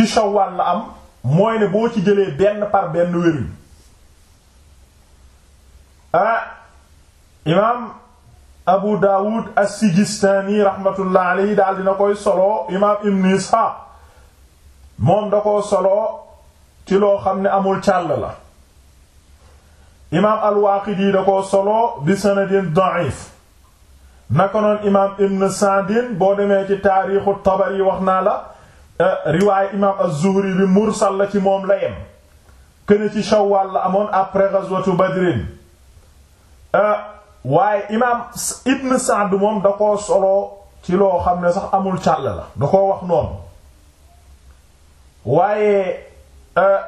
ci shawwal la am mooy ne boo ci jëlee benn par benn wéruñ ah imaam abu daawud as-sijistaani rahmatullah alayhi daal dina koy solo imaam ibn isxaaq moom da koo solo ci loo xam ne amul càll la imaam al-waaqidi da koo solo bi sanadin da'if naka noon imaam ibn sa'din boo demee ci taariixu tabari wax naa la riwaay imaam az bi mursal la ci moom la yem këne ci Shawwal la amoon après ghazwatu Badrin euh, waaye imaam Ibn Sa'd moom da koo solo ci loo xam ne sax amul càll la da koo wax noonu waaye euh,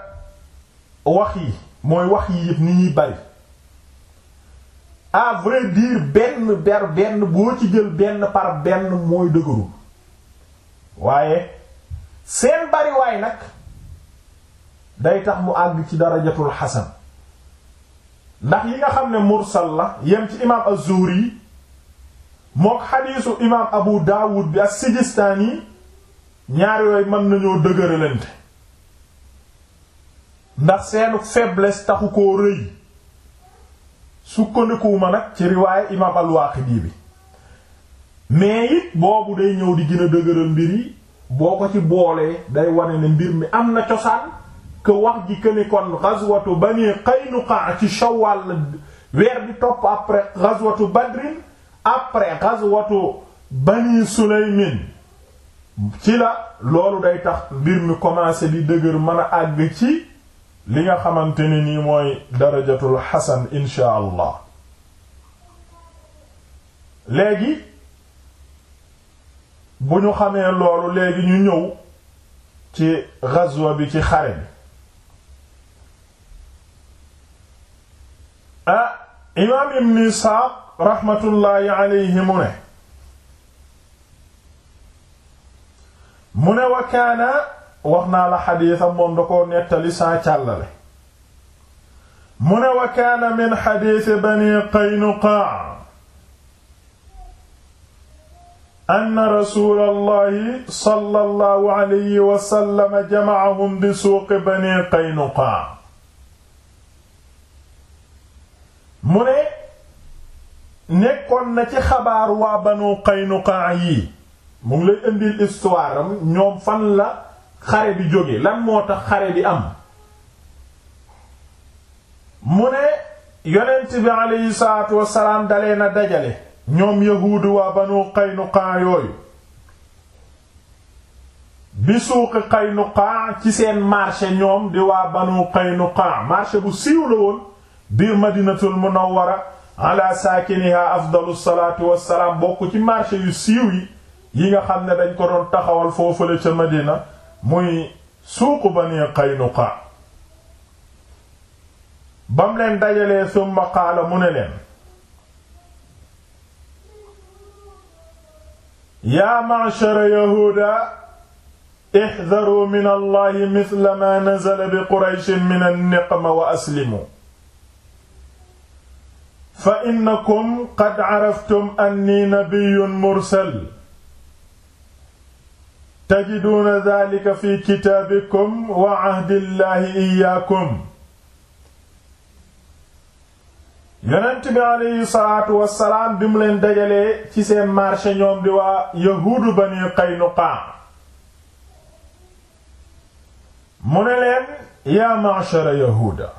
wax yi mooy wax yi yëpp bari à vrai benn ber benn boo ci jël benn par benn mooy dëgëru waaye seen bariwaay nag day tax mu àgg ci darajatul xasan ndax yi nga xam ne mursal la yem ci imaam az-Zuhri mook xadiisu imaam Abu Daawud bi as-Sijistaani ñaari yooyu mën nañoo dëgëralante ndax seenu faiblesse taxu ko rëy sukkandikuwuma nag ci riwaaye imaam al-Waaqidi bi mais it boobu day ñëw di gën a mbir yi boo ko ci boolee day wane ni mbir mi am na cosaan que wax ji que ni kon ghazwatu Bani Qaynuqa ci Shawwal weer bi topp après ghazwatu Badrin après ghazwatu Bani Sulaymin ci la loolu day tax mbir mi commencé bi dëgër mën a àgg ci li nga xamante ni nii mooy darajatul hasan insha allah léegi bu ñu xamee loolu léegi ñu ñëw ci ghazwa bi ci xare a ah imaam ibn Isxaaq raxmatullaahi mu ne mu ne wa kaana wax naa la xadiisam moom da ko nettali saa càllale mu ne wa kaana min xadiisi bani Qaynuqaa anna rasuulallahi sallallahu alayhi wa sallam jama'ahum bi suuqi bani Qaynuqa mu ne nekkoon na ci xabaaru waa banu Qaynuqa yi mu ngi indil histoire ñoom fan la xare bi jóge lan moo tax xare bi am mu ne yonent bi alayhi salaatu wa dalee na dajale ñoom yahuudu waa banu Qaynuqaa yooyu bi suuqi Qaynuqaa ci seen marché ñoom di waa banu Qaynuqaa marché bu siiw la woon biir Madinatul Munawwara ala saakiniha afdalu salaatu wassalaam bokk ci marché yu siiw yi yi nga xam ne dañ ko doon taxawal foofale ca Madina muy suuqu bani Qaynuqaa bam leen dajalee summa qaala mu ne leen yaa ma'shara yahuuda ihdaruu min allahi mithla maa nazala bi qurayshin min an-niqma wa aslimu fa innakum qad caraftum anni nabiyyun mursal tajiduuna dhaalika fi kitaabikum wa cahdi llahi iyyaakum yonent bi aleyhi salaatu wassalaam bi mu leen dajalee ci seen marché ñoom di waa yahuudu bani Qaynuqa mu ne leen yaa ma'shara yahuuda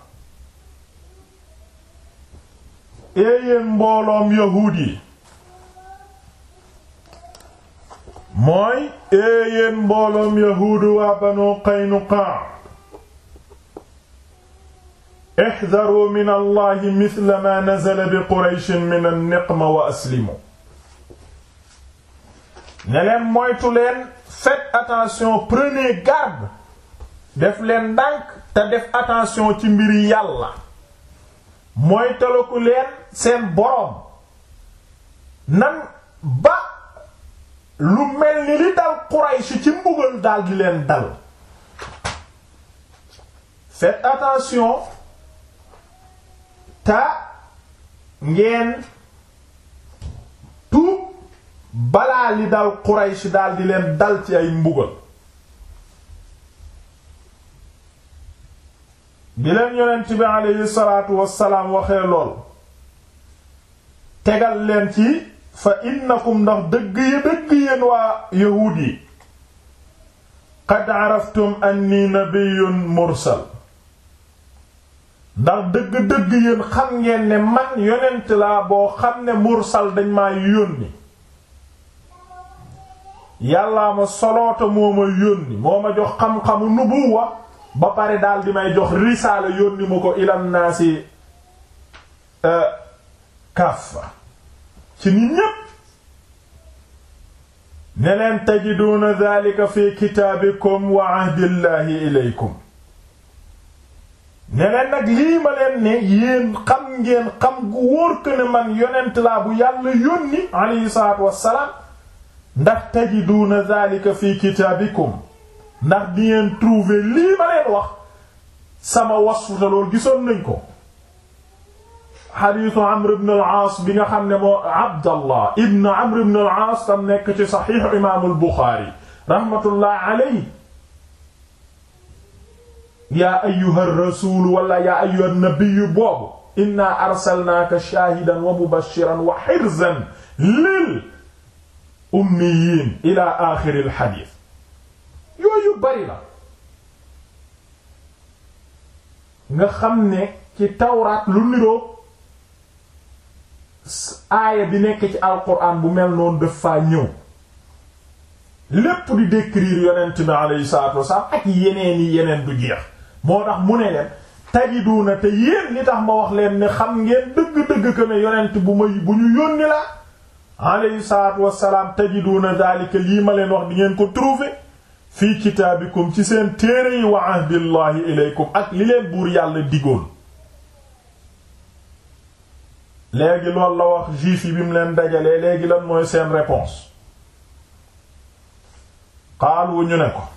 éeyéen mbooloom yahuud yi mooy éeyéen mbooloom yahuudu waa banu Qaynuqa ixdaruu min allahi misla ma nazala bi qurayshin min an-niqma wa aslimu ne leen moytu leen faites attention prenez garde def leen ndànk te def attention ci mbiri yàlla mooy talaku leen seen boroom nan ba lu mel ni li dal Quraysh ci mbugal dal di leen dal faites attention ta ngeen tuub balaa li dal Quraysh daal di leen dal ci ay mbugal bi leen yonent bi aleyhi salaatu wassalaam waxee lool tegal leen ci fa innakum ndax dëgg yi dëgg yéen waa yahuud yi qad araftum anni nabiyyun mursal ndax dëgg-dëgg yéen xam ngeen ne man yonent laa boo xam ne mursal dañ maa yónni yàllaa ma soloota moo ma yónni moo ma jox xam-xamu nubuwa ba pare daal di may jox risaala yónni ma ko ilan naasi e, kaffa ci nit ñépp ne leen tajiduna fi kitaabikum wa ahdillahi ilaykum leen nag lii ma leen ne yéen xam ngeen xam gu wóor ko ne man yonent laa bu yàlla yónni alayhi salaatu wassalaam ndax tajiduuna zalika fi kitaabikum ndax di ngeen trouver lii ma leen wax sama wasfuta loolu gisoon nañ ko xadiisu Amr al-Aas bi nga xam ne moo Abdallah ibn Amr ibn al-Aas tam nekk ci saxiixu imaamul Buxaari rahmatullah alayhi yaa ayyuha rasuul wala yaa ayyuha nabiyu boobu inna arsalnaaka shaahidan wa mubashiran wa hirzan lil ummiyiin ila aaxiril xadiis yooyu bari la nga xam ne ci tawraat lu niroo aaya bi nekk ci alquran bu mel noonu daf faa ñëw lépp di décrire yonent bi aleyhi salaatu ak yeneen yeneen du jeex moo tax mu ne leen tajiduuna te yéen li tax ma wax leen ni xam ngeen dëgg-dëgg que ne yonent bu ma bu ñu yónni la alayhi salaatu wassalaam tajiduuna daalika lii ma leen wax bi ngeen ko trouver fii kitaabikum ci seen téere yi wa ahdillahi ilaykum ak li leen buur yàlla digoon léegi loolu la wax juif yi bi mu leen dajalee léegi lan mooy seen réponse xaalu ñu ne ko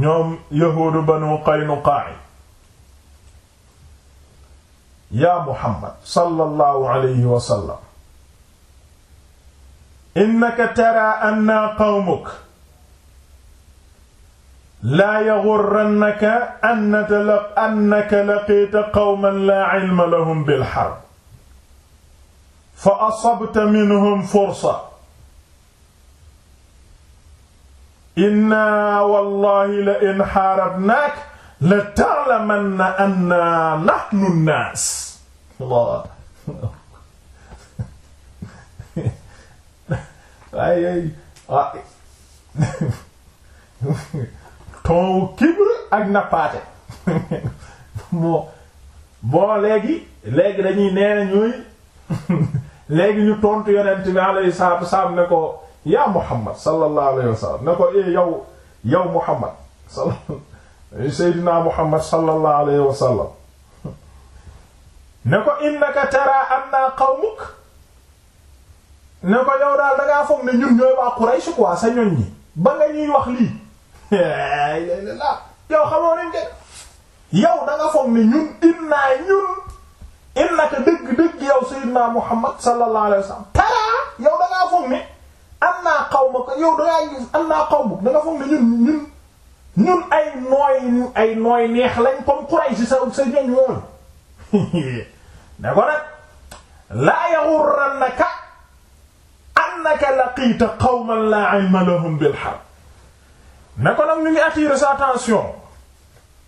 ñoom yahuudu banu Qaynuqaa yaa Muhammad sallallahu alayhi wa sallam innaka tara anna qawmuk laa yaghurrannaka annaka laqiita qawman laa ilma lahum bil harb fa asabta minhum fursa inna wallahi la in xaarabnaak la ta'lamanna anna nahnu naas waaye ton kibr ak nappaate moo bon léegi dañuy nee ñuy léegi ñu tontu yonent bi alayhi salaatu wassalaam ne ko yaa Muhammad sallallahu alayhi wa sallam ne ko eh yow yow Muhammad eh, Seydina Muhammad sallallahu alayhi wa sallam ne ko innaka tara anna qawmuk ne ko yow daal da ngaa foog ne ñun ñooy waa Quraysh quoi sa ñoñ ñi ba nga ñuy wax lii la yow xamoo nañ de yow da nga foog ne ñun innaa ñun innaka dëgg-dëgg yow Seydina Muhammad sallallahu alayhi wa sallam tara yow da ngaa foog ne am naa xaw ma ko yow dangaa gis am naa xaw ma da nga ne ñun ñun ay nooy ay nooy neex lañ comme Quraysh sa sa ñoñ moom da ko nag laa yaghurrannaka annaka laqiita qawman laa ilma lahum bil harb ne ko nag ñu ngi attirer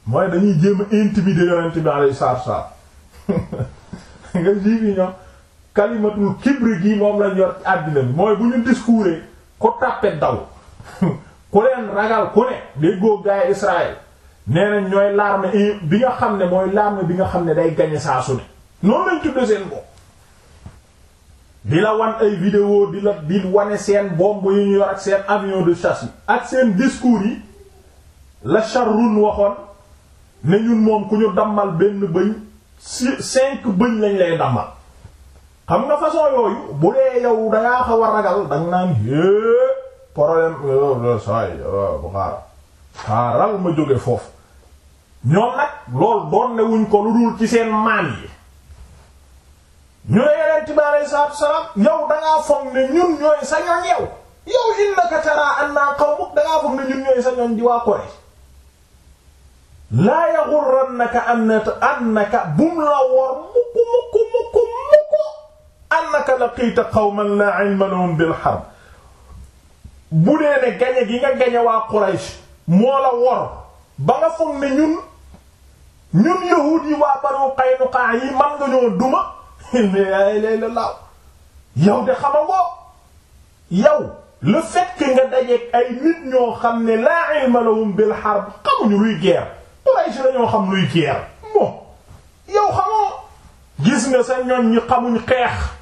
mooy dañuy jéem a intimider yonent bi alayhi salaatu wa nga jiibi ñoom kalimatul kibri gii moom lañ yor àddina bi mooy bu ñu discouré ko tàppe daw ku leen ragal ku ne déggoo gaay Israël nee nañ ñooy l'armée bi nga xam ne mooy l'armée bi nga xam ne day gañe saa su ne noonu lañ tudde seen bopp di la wan ay vidéo di la di wane seen bombe yu ñu yor ak seen avion de chasse ak seen discours yi la Charroun waxoon ne ñun moom ku ñu dammal benn bëñ si cinq bëñ lañ lay dammal xam nga façon yooyu bu dee yow da ngaa ragal da naan yee problème bu xaaral xaaral ma jóge foofu ñoom nag loolu doon ne wuñ ko lu dul ci seen maan yi. ñu ne yonent bi alayhi salaatu salaam yow da ne ñun ñooy sa ñoñ yow yow innaka tara anna qawmuk da ngaa foog ne ñun ñooy sa di waa Quraysh. laa yaghurrannaka annaka bum la wor mukk mukk annaka laqiita qawman laa ilma lahum bil harb bu dee ne gañe gi nga gañe waa Quraysh moo la wor ba nga foog ne ñun ñun yahuud yi waa Banu Qaynuqa yi man nga ñoo duma mais lay la laaw de xama ngoo yow le fait nga dajeek ay nit ñoo xam ne laa ilma lahum bil harb xamuñu luy guerre Quraysh la ñoo xam luy guerre bon yow xamoo gis nga sa ñoom ñi xamuñ xeex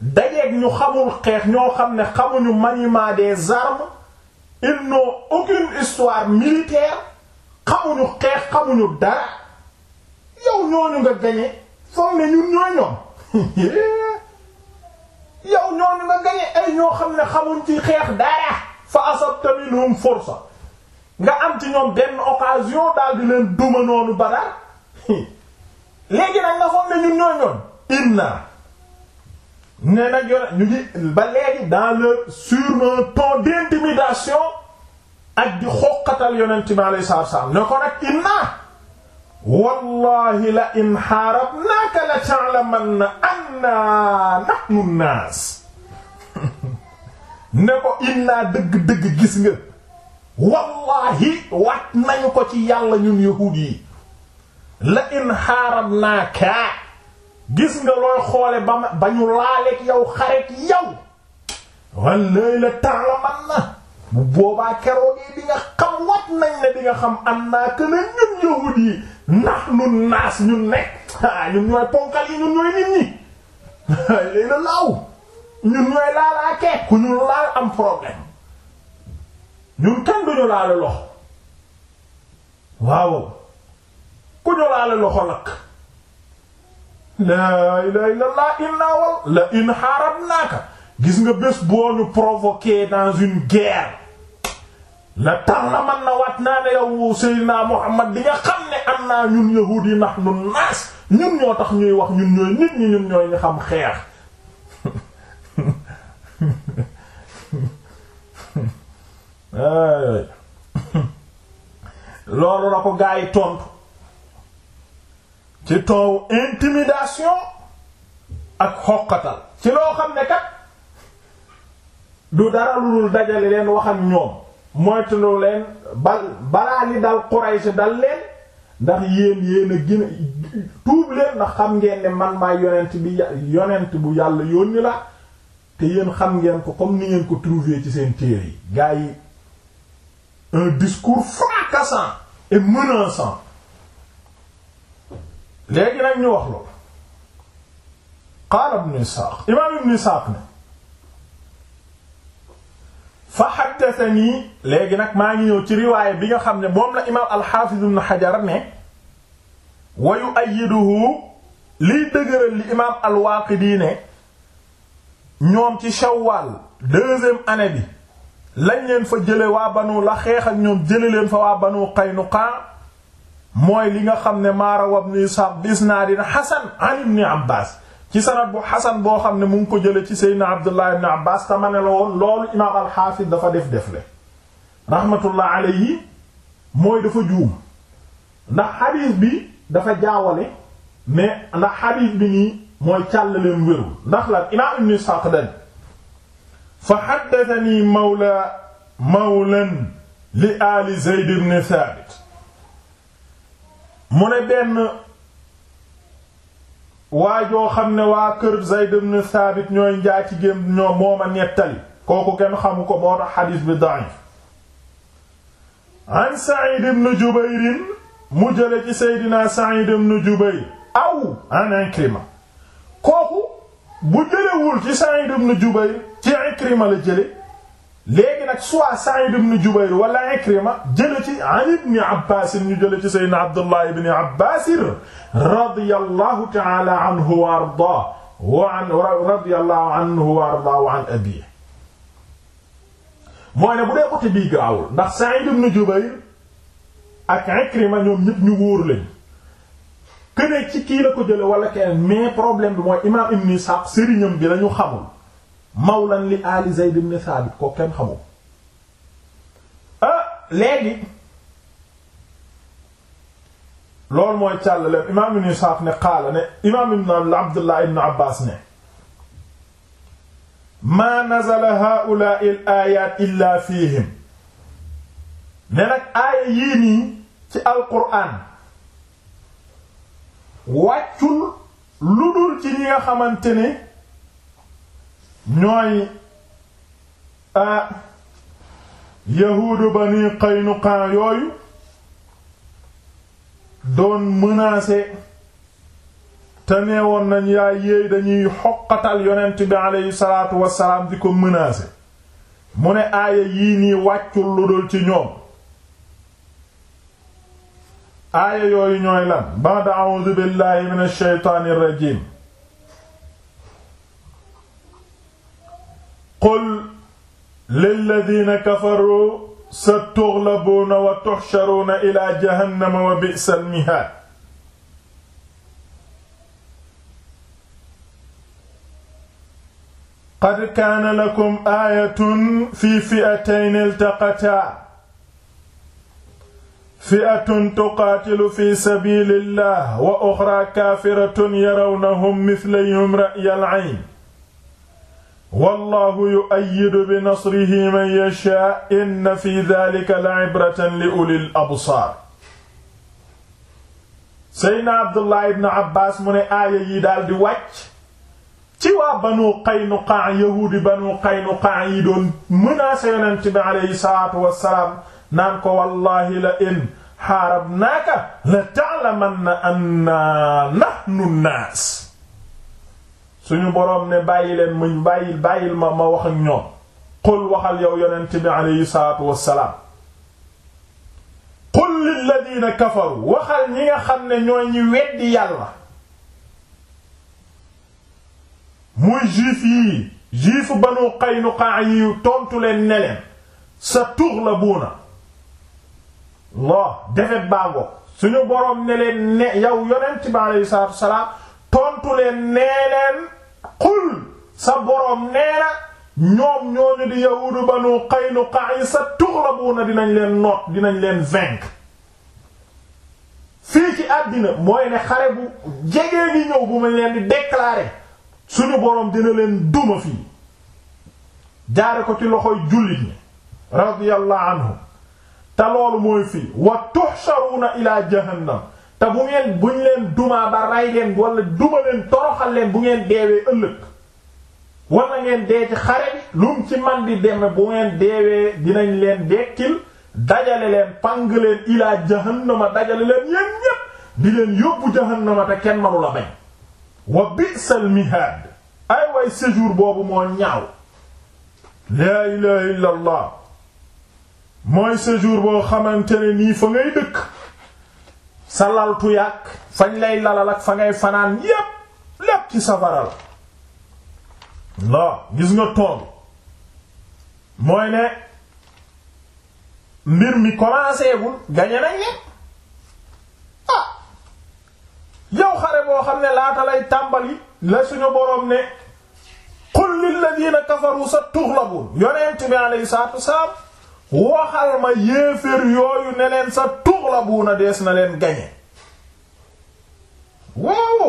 dajeeg ñu xamul xeex ñoo xam ne xamuñu maniement des armes ils n'ont aucune histoire militaire xamuñu xeex xamuñu dara yow ñooñu nga gañe foog ñun ñooy ñoom yow ñooñu nga gañe ay ñoo xam ne xamuñ ci xeex dara fa asabta minhum fursa nga am ci ñoom benn occasion daal di leen duma noonu ba dara léegi nag nga foog ñun ñooy ñoom inna ne nag yone ñu ngi ba léegi dans sur un d'intimidation ak di xoqatal yonent bi alayhi salaam ne ko nag inna wallahi la in harabnaka la ta'lamanna anna nahnu naas ne ko inna dëgg-dëgg gis nga wallahi wat nañu ko ci yàlla ñun yahuud la in harabnaka gis nga looy xoole ba ma ba ñu laaleeg yow xareeg yow wallaay la taalaman na bu boobaa keroog yi di nga xam wat nañ ne di nga xam am naa que ne ñun yahud yi ndax ñun naas ñun nekk ah ñun ñooy ponkal yi ñun ñooy nit ñi léegi loxo waaw ku ñu laale loxo lakk. laa ilaha illallah inna wal la in harabnaaka gis nga bés boo ñu provoqué dans une guerre la tar la man na waat naa ne yow Seydina Muhammad di nga xam ne am naa ñun yahuud yi nax nu naas ñun ñoo tax ñuy wax ñun ñooy nit ñi ñun ñooy ñu xam xeex loolu la ko gaa yi tontu ci toowu intimidation ak xoqatal ci loo xam ne kat du dara lu dul dajale leen wax ak ñoom moytulu leen bal balaa li dal Quraysh dal leen ndax yéen yéen a gina tuub leen ndax xam ngeen ne man maay yonent bi yonent bu yàlla yónni la te yéen xam ngeen ko comme ni ngeen ko trouver ci seen téere yi gars yi un discours fracassant et menaçant léegi nag ñu wax loolu qaala ibnu Isaaq imaam ibnu Isaaq ne fa haddathanii léegi nag maa ngi ñëw ci riwaaya bi nga xam ne moom la imaam al-Haafiz ibnu Hajar ne wa yu'ayyiduhu liy dëgëral li imaam al ne ñoom ci Shawwal deuxième année bi lañ leen fa jële waa Banu la xeex ak ñoom jële leen fa waa Banu Qaynuqa mooy li nga xam ne maara wab ni sab bisnaadin hasan an ibn abbas ci sanad bu hasan boo xam ne mu ngi ko jële ci seydna abdullah ibn abbas te ma ne la woon loolu imaam alxaafis dafa def def le rahmatullah alayhi mooy dafa juum ndax xadiis bi dafa jaawale mais ndax xadiis bi nii mooy càllaleen wérul ndax lan imaam ibn isxaaq dan fa haddathani mawla mawlan li ali zayd ibn thabit mu ne benn joo xam ne waa kër Zayd ibn Thabit ñooy njaaci gém ñoo mooma nettali kooku kenn xamu ko moo tax xadiis bi da'if an Sa'id ibn Jubayr mu jële ci Seydina Sa'id ibn Jubayr aw an Ikrima kooku bu jëlewul ci Sa'id ibn Jubayr ci Ikrima la jële léegi nag soit Sa'id ibn Jubayr wala Ikrima jële ci an ibn Abbas ñu jële ci Seydina Abdullah ibn Abbas radiyallahu ta'ala anhu wa ardaa wa an radiyallahu anhu wa ardaa wa an abi mooy ne bu dee côté bii gaawul ndax Sa'id ibn Jubayr ak Ikrima ñoom ñëpp ñu wóor lañ keneen ci kii la ko jële wala keneen mais problème bi mooy imaam Ibn Ishaq sëriñam bi lañu xamul mawlan li ali Zayd ibn Thabit ko kenn xamul ah léegi loolu mooy càllale imaam ibn Isaaq ne qaala ne imaam ibn Abdullah ibn Abbas ne maa nazala haa'ulaa'i al-aayaat illaa fiihim ne nag aaya yii nii ci alquraan wàccul lu dul ci ñi nga xamante ne ñooy a yahuudu bani Qaynuqa yooyu doon menacé te neewoon nañ yaay yéey dañuy xoqatal yonent bi aleyhi salaatu wasalaam di ko menacé mu ne aaya yii nii wàccul lu dul ci ñoom aaya yooyu ñooy lan ba'da a'uudu billahi minash shaytaanir rajiim qul lilladina kafaru sa tughlabuuna wa tuhsharuuna ila jahannama wa bi'sal mihaad qad kaana lakum aayatun fi fi'atayni iltaqataa fi'atun tuqaatilu fi sabiilillah wa uxraa kaafiratun yarawnahum mithlayhim ra'yal ayn wallahu yu'ayyidu bi nasrihi man yashaa inna fi dhalika la'ibratan li ulil absaar seydna abdullah ibn abbas mu ne aaya yi daal di wàcc ci waa banu qaynuqaa yahuudi banu qaynuqaa yi doon menacer yonent bi aleyhi salaatu wassalaam naan ko wallahi la in xaarabnaaka la ta'lamanna anna nahnu naas suñu boroom ne bàyyi leen muñ bàyyil bàyyil ma ma wax ak ñoom qul waxal yow yonent bi aleyhi salaatu wassalaam qul lilladina kafaru waxal ñi nga xam ne ñoo ñi weddi yàlla muy juif yii juif banu Qaynuqa yi tontu suñu boroom ne leen ne yow yonent bi aleyhi salaatu wassalaam tontu leen nee leen qul sa boroom nee na ñoom ñooñu di yahuudu banu Qaynuqa sa tughlabuuna dinañ leen noot dinañ leen vaincre fii ci àddina mooy ne xare bu jegee ni ñëw bu ma leen di déclarer suñu boroom dina leen duma fii jaare ko ci loxoy jullit ñi radiyallahu anhum te loolu mooy fii wa tuhsharuna ila jahannam te bu ngeen buñ leen dumaa ba ray leen wala duma bu ngeen deewee ëllëg wala ngeen dee ci xare bi lu mu ci man di deme bu ngeen deewee dinañ leen dekkil dajale leen pang leen ilaa jahannama dajale leen yéen ñépp di leen yóbbu jahannama te kenn manu la bañ wa bi'sal mihaad ay way séjour boobu moo ñaaw laa ilaha illa mooy séjour boo xamante nii fa ngay dëkk sa laltu yàq fañ lay lalal ak fa ngay fanaan yépp lépp ci safara la gis nga tool mooy ne mbir mi commencé gul gañe nañ ne ah yow xare boo xam ne laata lay tàmbali la suñu boroom ne qul lil ladina kafaru sa tuxlabun yonent bi alayhi salaatu wassalaam waxal ma yéeféer yooyu ne leen sa tuxlabuuna dees na leen gañe waaw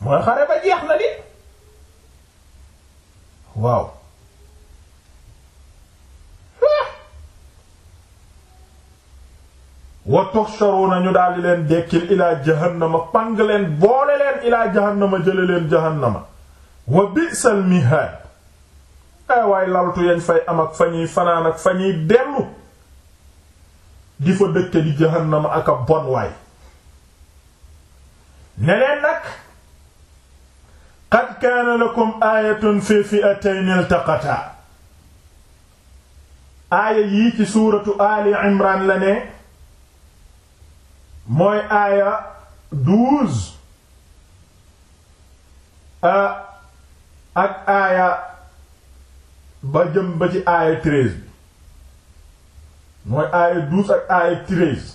mooy xare ba jeex na di waaw wa tuhsharuna ñu daal di leen dekkil ilaa jahannama pang leen boole leen ilaa jahannama jële leen jahannama wa bi mihaad waaye laltu yañ fay am ak fa ñuy fanaan ak fa ñuy dellu di fa dëkke di jahannama ak bon waay ne nag qad kaana lakum aayatun fi fi'atayn iltaqata aaya yii ci suuratu ali imran la ne mooy aaya ak aaya ba jëm ba ci aaya treize bi mooy aaya douze ak aaya treize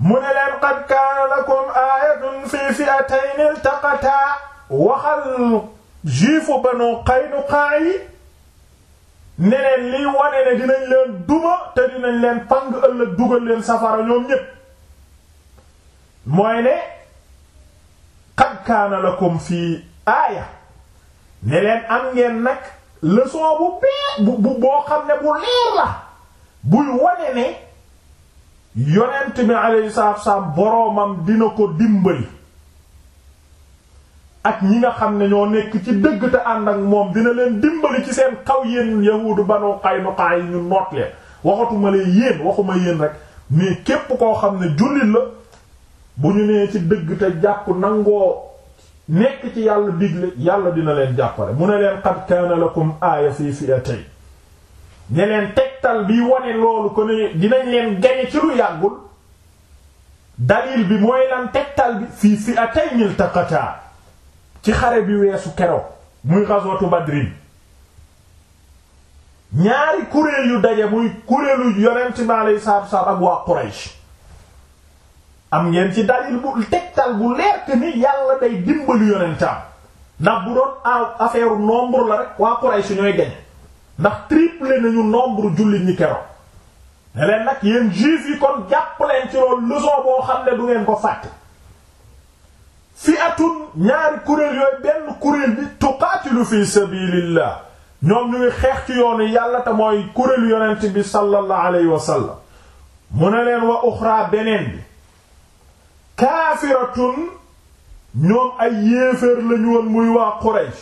mu ne leen qad kaana lakum aayatun fii fi'atayn iltaqataa waxal juifu banu Qaynuqaa yi ne leen liy wane ne dinañ leen duma te dinañ leen pang ëllëg dugal leen safara ñoom ñépp mooy ne qad kaana lakum fii aaya ne leen am ngeen nag leçon bu bee bu boo xam ne bu leer la buy wone ne yonent bi alayhi salaatu wassalaam boroomam dina ko dimbali ak ñi nga xam ne ñoo nekk ci dëgg te ànd ak moom dina leen dimbali ci seen kaw yéen yahuudu Banu Qaynuqa yi ñu noot leen waxatuma leen yéen waxuma yéen rek mais képp koo xam ne jullit la bu ñu nee ci dëgg te jàpp nangoo nekk ci yàlla digle yàlla dina leen jàppale mu ne leen qad kaana lakum aaya fii fi'atay ne leen tegtal bi wone loolu ko ne dinañ leen gañe ci lu yàggul dalil bi mooy lan tegtal bi fii fi'atay iltaqata ci xare bi weesu keroog muy ghazwatu badrin ñaari kuréel yu daje muy kuréelu yonent bi alayhi salaatu wa salaam ak waa Quraysh am ngeen ci dalil bu tegtal bu leer que ni yàlla day dimbali yonentam ndax bu doon a affaire nombre la rek waa Quraysh ñooy gañe ndax triplé nañu nombre jullit ñi keroog ne nag yéen juif yi kon jàpp leen ci loolu leçon boo xam ne du ngeen ko fàtte fi atun ñaari kuréel yooyu benn kuréel bi tuqaatilu fi sabilillah ñoom ñu ngi xeex ci yoonu yàlla te mooy kuréelu yonent bi sallallahu alayhi wa sallam mu ne leen wa uxra beneen bi kaafiratun ñoom ay yéeféer lañu woon muy waa Quraysh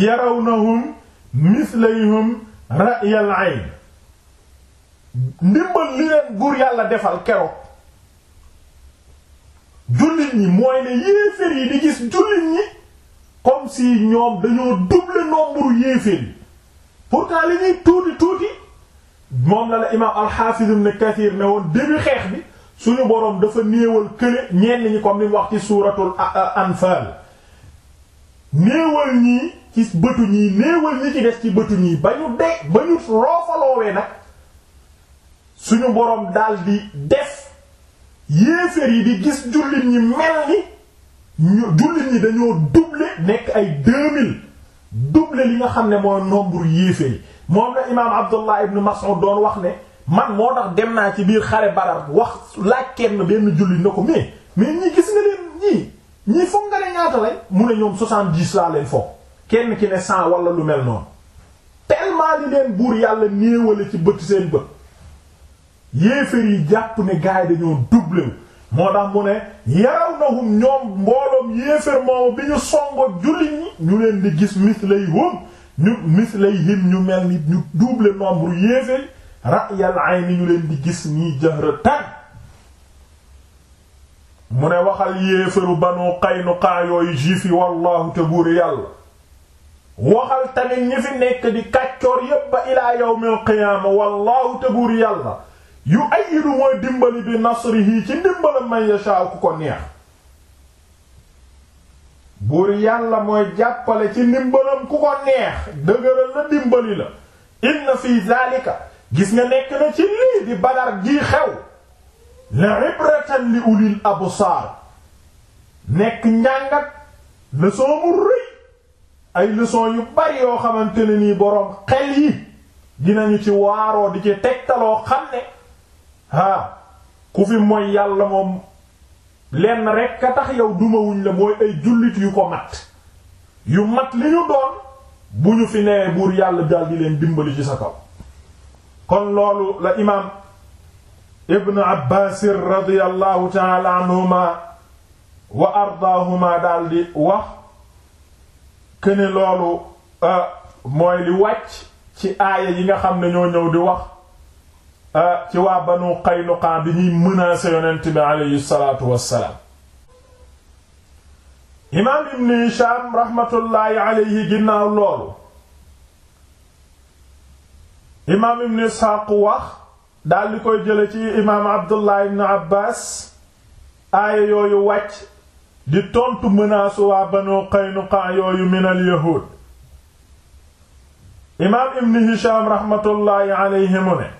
yarawnahum mislayhum ra'yal ayn ndimbal li leen buur yàlla defal keroog jullit ñi mooy ne yéeféer yi di gis jullit ñi comme si ñoom dañoo double nombre yéeféer yi pourtant li tuuti tuuti moom la la imaam al-Hafiz Kathir ne woon début xeex bi suñu boroom dafa néewal kële ñenn ñi comme ni wax ci suuratul anfaal néewal ñii ci bëtu néewal ñi ci des ci bëtu ñii ba ñu de ba ñu roofaloowee nag suñu boroom daldi def yéeféer yi di gis jullit ñi mel ni ñu jullit ñi dañoo doubler nekk ay deux mille li nga xam ne mooy nombre yéeféer yi moom la imaam Abdullah ibn Mas'ud doon wax ne man moo tax dem naa ci biir xare Badar wax laaj kenn benn jullit na ko mais mais ñii gis nga leen ñii ñii foog nga ne ñaata mu ne ñoom soixante-dix laa leen foog kenn ki ne cent wala lu mel noonu tellement li leen buur yàlla néewale ci bët seen bët yéeféer yi jàpp ne gaay dañoo doublé wu moo tax mu ne yaraw nahum ñoom mbooloom yéeféer moomu bi ñu songo jullit ñi ñu leen di gis mislayhum ñu mislayhim ñu mel ni ñu double nombre yéeféer ra'yal ayni ñu leen di gis nii jahratan mu ne waxal yéefaru banu Qaynuqa yooyu juif yi wallahu te buur yàlla waxal tamit ñi fi nekk di kàccoor yépp ilaa yawmil qiyaama wallahu te buur yàlla yu ayidu mooy dimbali bi nasrihi ci dimbalam man yashaa ku ko neex buur yàlla mooy jàppale ci dimbalam ku ko neex dëgëral la dimbali la inna fi zaalika gis nga nekk na ci lii di badar gii xew la ibratan li ulil absar nekk njàngat leçon mu rëy ay leçon yu bari yoo xamante ne nii boroom xel yi dinañu ci waaroo di ci tegtaloo xam ne ah ku fi mooy yàlla moom lenn rekk a tax yow dumawuñ la mooy ay jullit yu ko mat yu mat li ñu doon bu ñu fi newee buur yàlla dal leen dimbali ci sa kaw kon loolu la imaam ibn abbaas radiyallahu taala anhuma wa ardaahuma daldi wax këne loolu euh, mooy li wàcc ci aaya yi nga xam ne ñoo ñëw di wax euh, ci waa banu qaynuqa bi ñuy menacer yonent bi aleyhi salaatu wassalaam imaam ibn hisham rahmatullaahi aleyhi ginnaaw loolu imaam ibn Isxaaq wax daal di koy jële ci imaam Abdullah ibn Abbas aaya yooyu wàcc di tontu menace waa Banu Qaynuqa yooyu min yahuud imaam ibn Hisham raxmatullaahi alayhi ne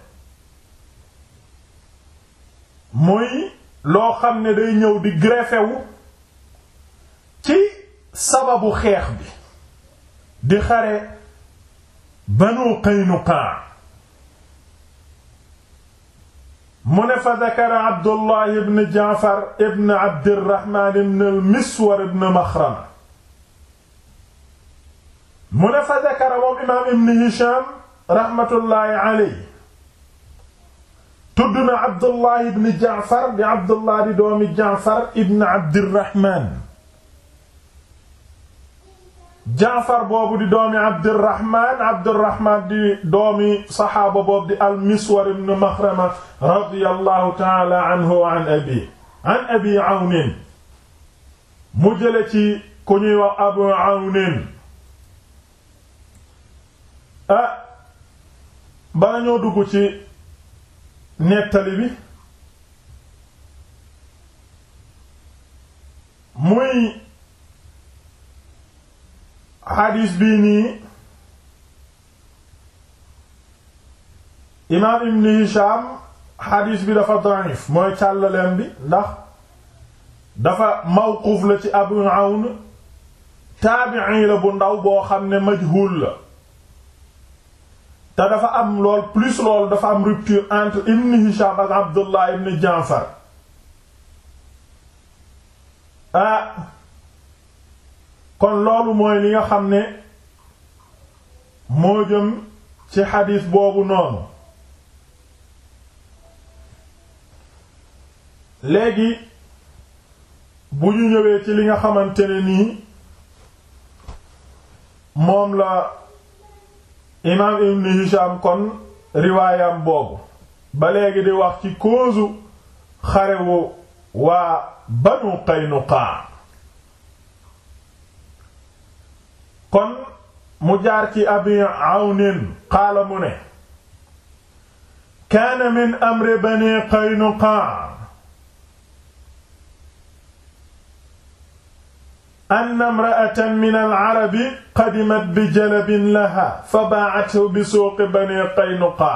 muy loo xam ne day ñëw di greffer wu ci sababu xeex bi di xare Banu Qaynuqa mu ne fa dakara abdullah ibn jaafar ibn abdirahman ibn al miswar ibn maxrama mu ne fa dakara moom imaam ibn hisham rahmatullahi aley tudd na abdullah ibn jaafar di abdullah di doomi jaafar ibn abdirahman jaafar boobu di doomi abdirahman abdirahman di doomi saxaaba boobu di almiswar ibn maxrama radiyallahu taala anhu wa an abi an abi awnin mu jële ci ku ñuy wax abu awnin ah bala dugg ci nettali bi muy xadiis bii nii imaam ibn Hisham xadiis bi dafa da'if mooy càllaleen bi ndax dafa mawquuf la ci Abu Awn taabi'i la bu ndaw boo xam ne majhul la te dafa am lool plus lool dafa am rupture entre ibn Hisham ak Abdullah ibn Jaafar ah, kon loolu mooy li nga xam ne moo jëm ci xadiis boobu noonu léegi bu ñu ñëwee ci li nga xamante ne nii moom la imaam ibn Hisham kon riwaayam boobu ba léegi di wax ci cause xare wu waa Banu Qaynuqa kon mu jaar ci abi awnin qaala mu ne kaana min amri bani qaynuqa anna imra'atan min al-arabi qadimat bi jalabin laha fa baa'athu bi suuqi bani qaynuqa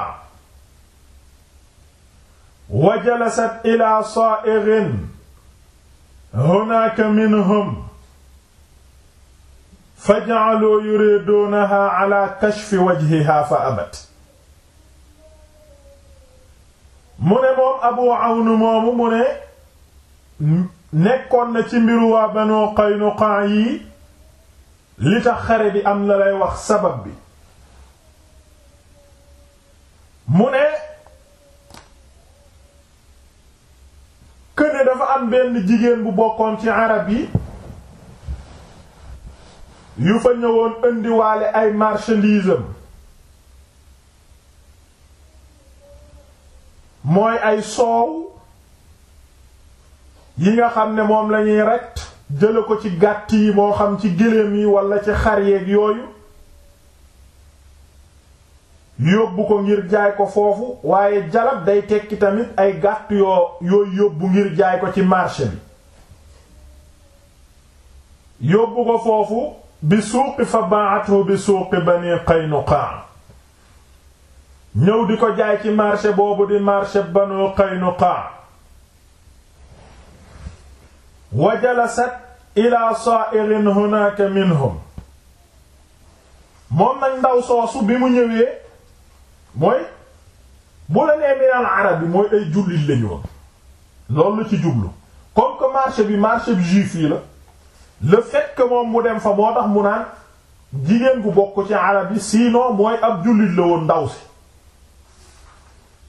wa jalasat ila saa'irin hunaaka minhum fa ja'aluu yuriiduunahaa ala kashfi wajhihaa fa abat mu ne moom abu awn moomu mu ne nekkoon na ci mbiru waa banu qaynuqaa yi li tax xare bi am na lay wax sabab bi mu ne këne dafa am benn jigéen bu bokkoon ci arab yi yu fa ñëwoon indiwaale ay marchandise am mooy ay soow yi nga xam ne moom lañuy rekt jële ko ci gàtt yi moo xam ci gëléem yi walla ci xar yeeg yooyu yóbbu ko ngir jaay ko foofu waaye jalab day tekki tamit ay gàtt yoo yooyu yóbbu ngir jaay ko ci marché bi yóbbu ko foofu bi suuqi fa ba'athu bi suuqi bani Qaynuqa ñëw di ko jaay ci marché boobu di marché banu Qaynuqa wa jalasat ila sa'irin hunaka minhum moom nag ndaw soosu bi mu ñëwee mooy bu la nee minal arab yi jullit lañu woon loolu la ci jublu comme que marché bi marché bi le fait moom mu dem fa moo tax mu naan jigéen bu bokk ci arab yi sinon mooy ab jullit la woon ndaw si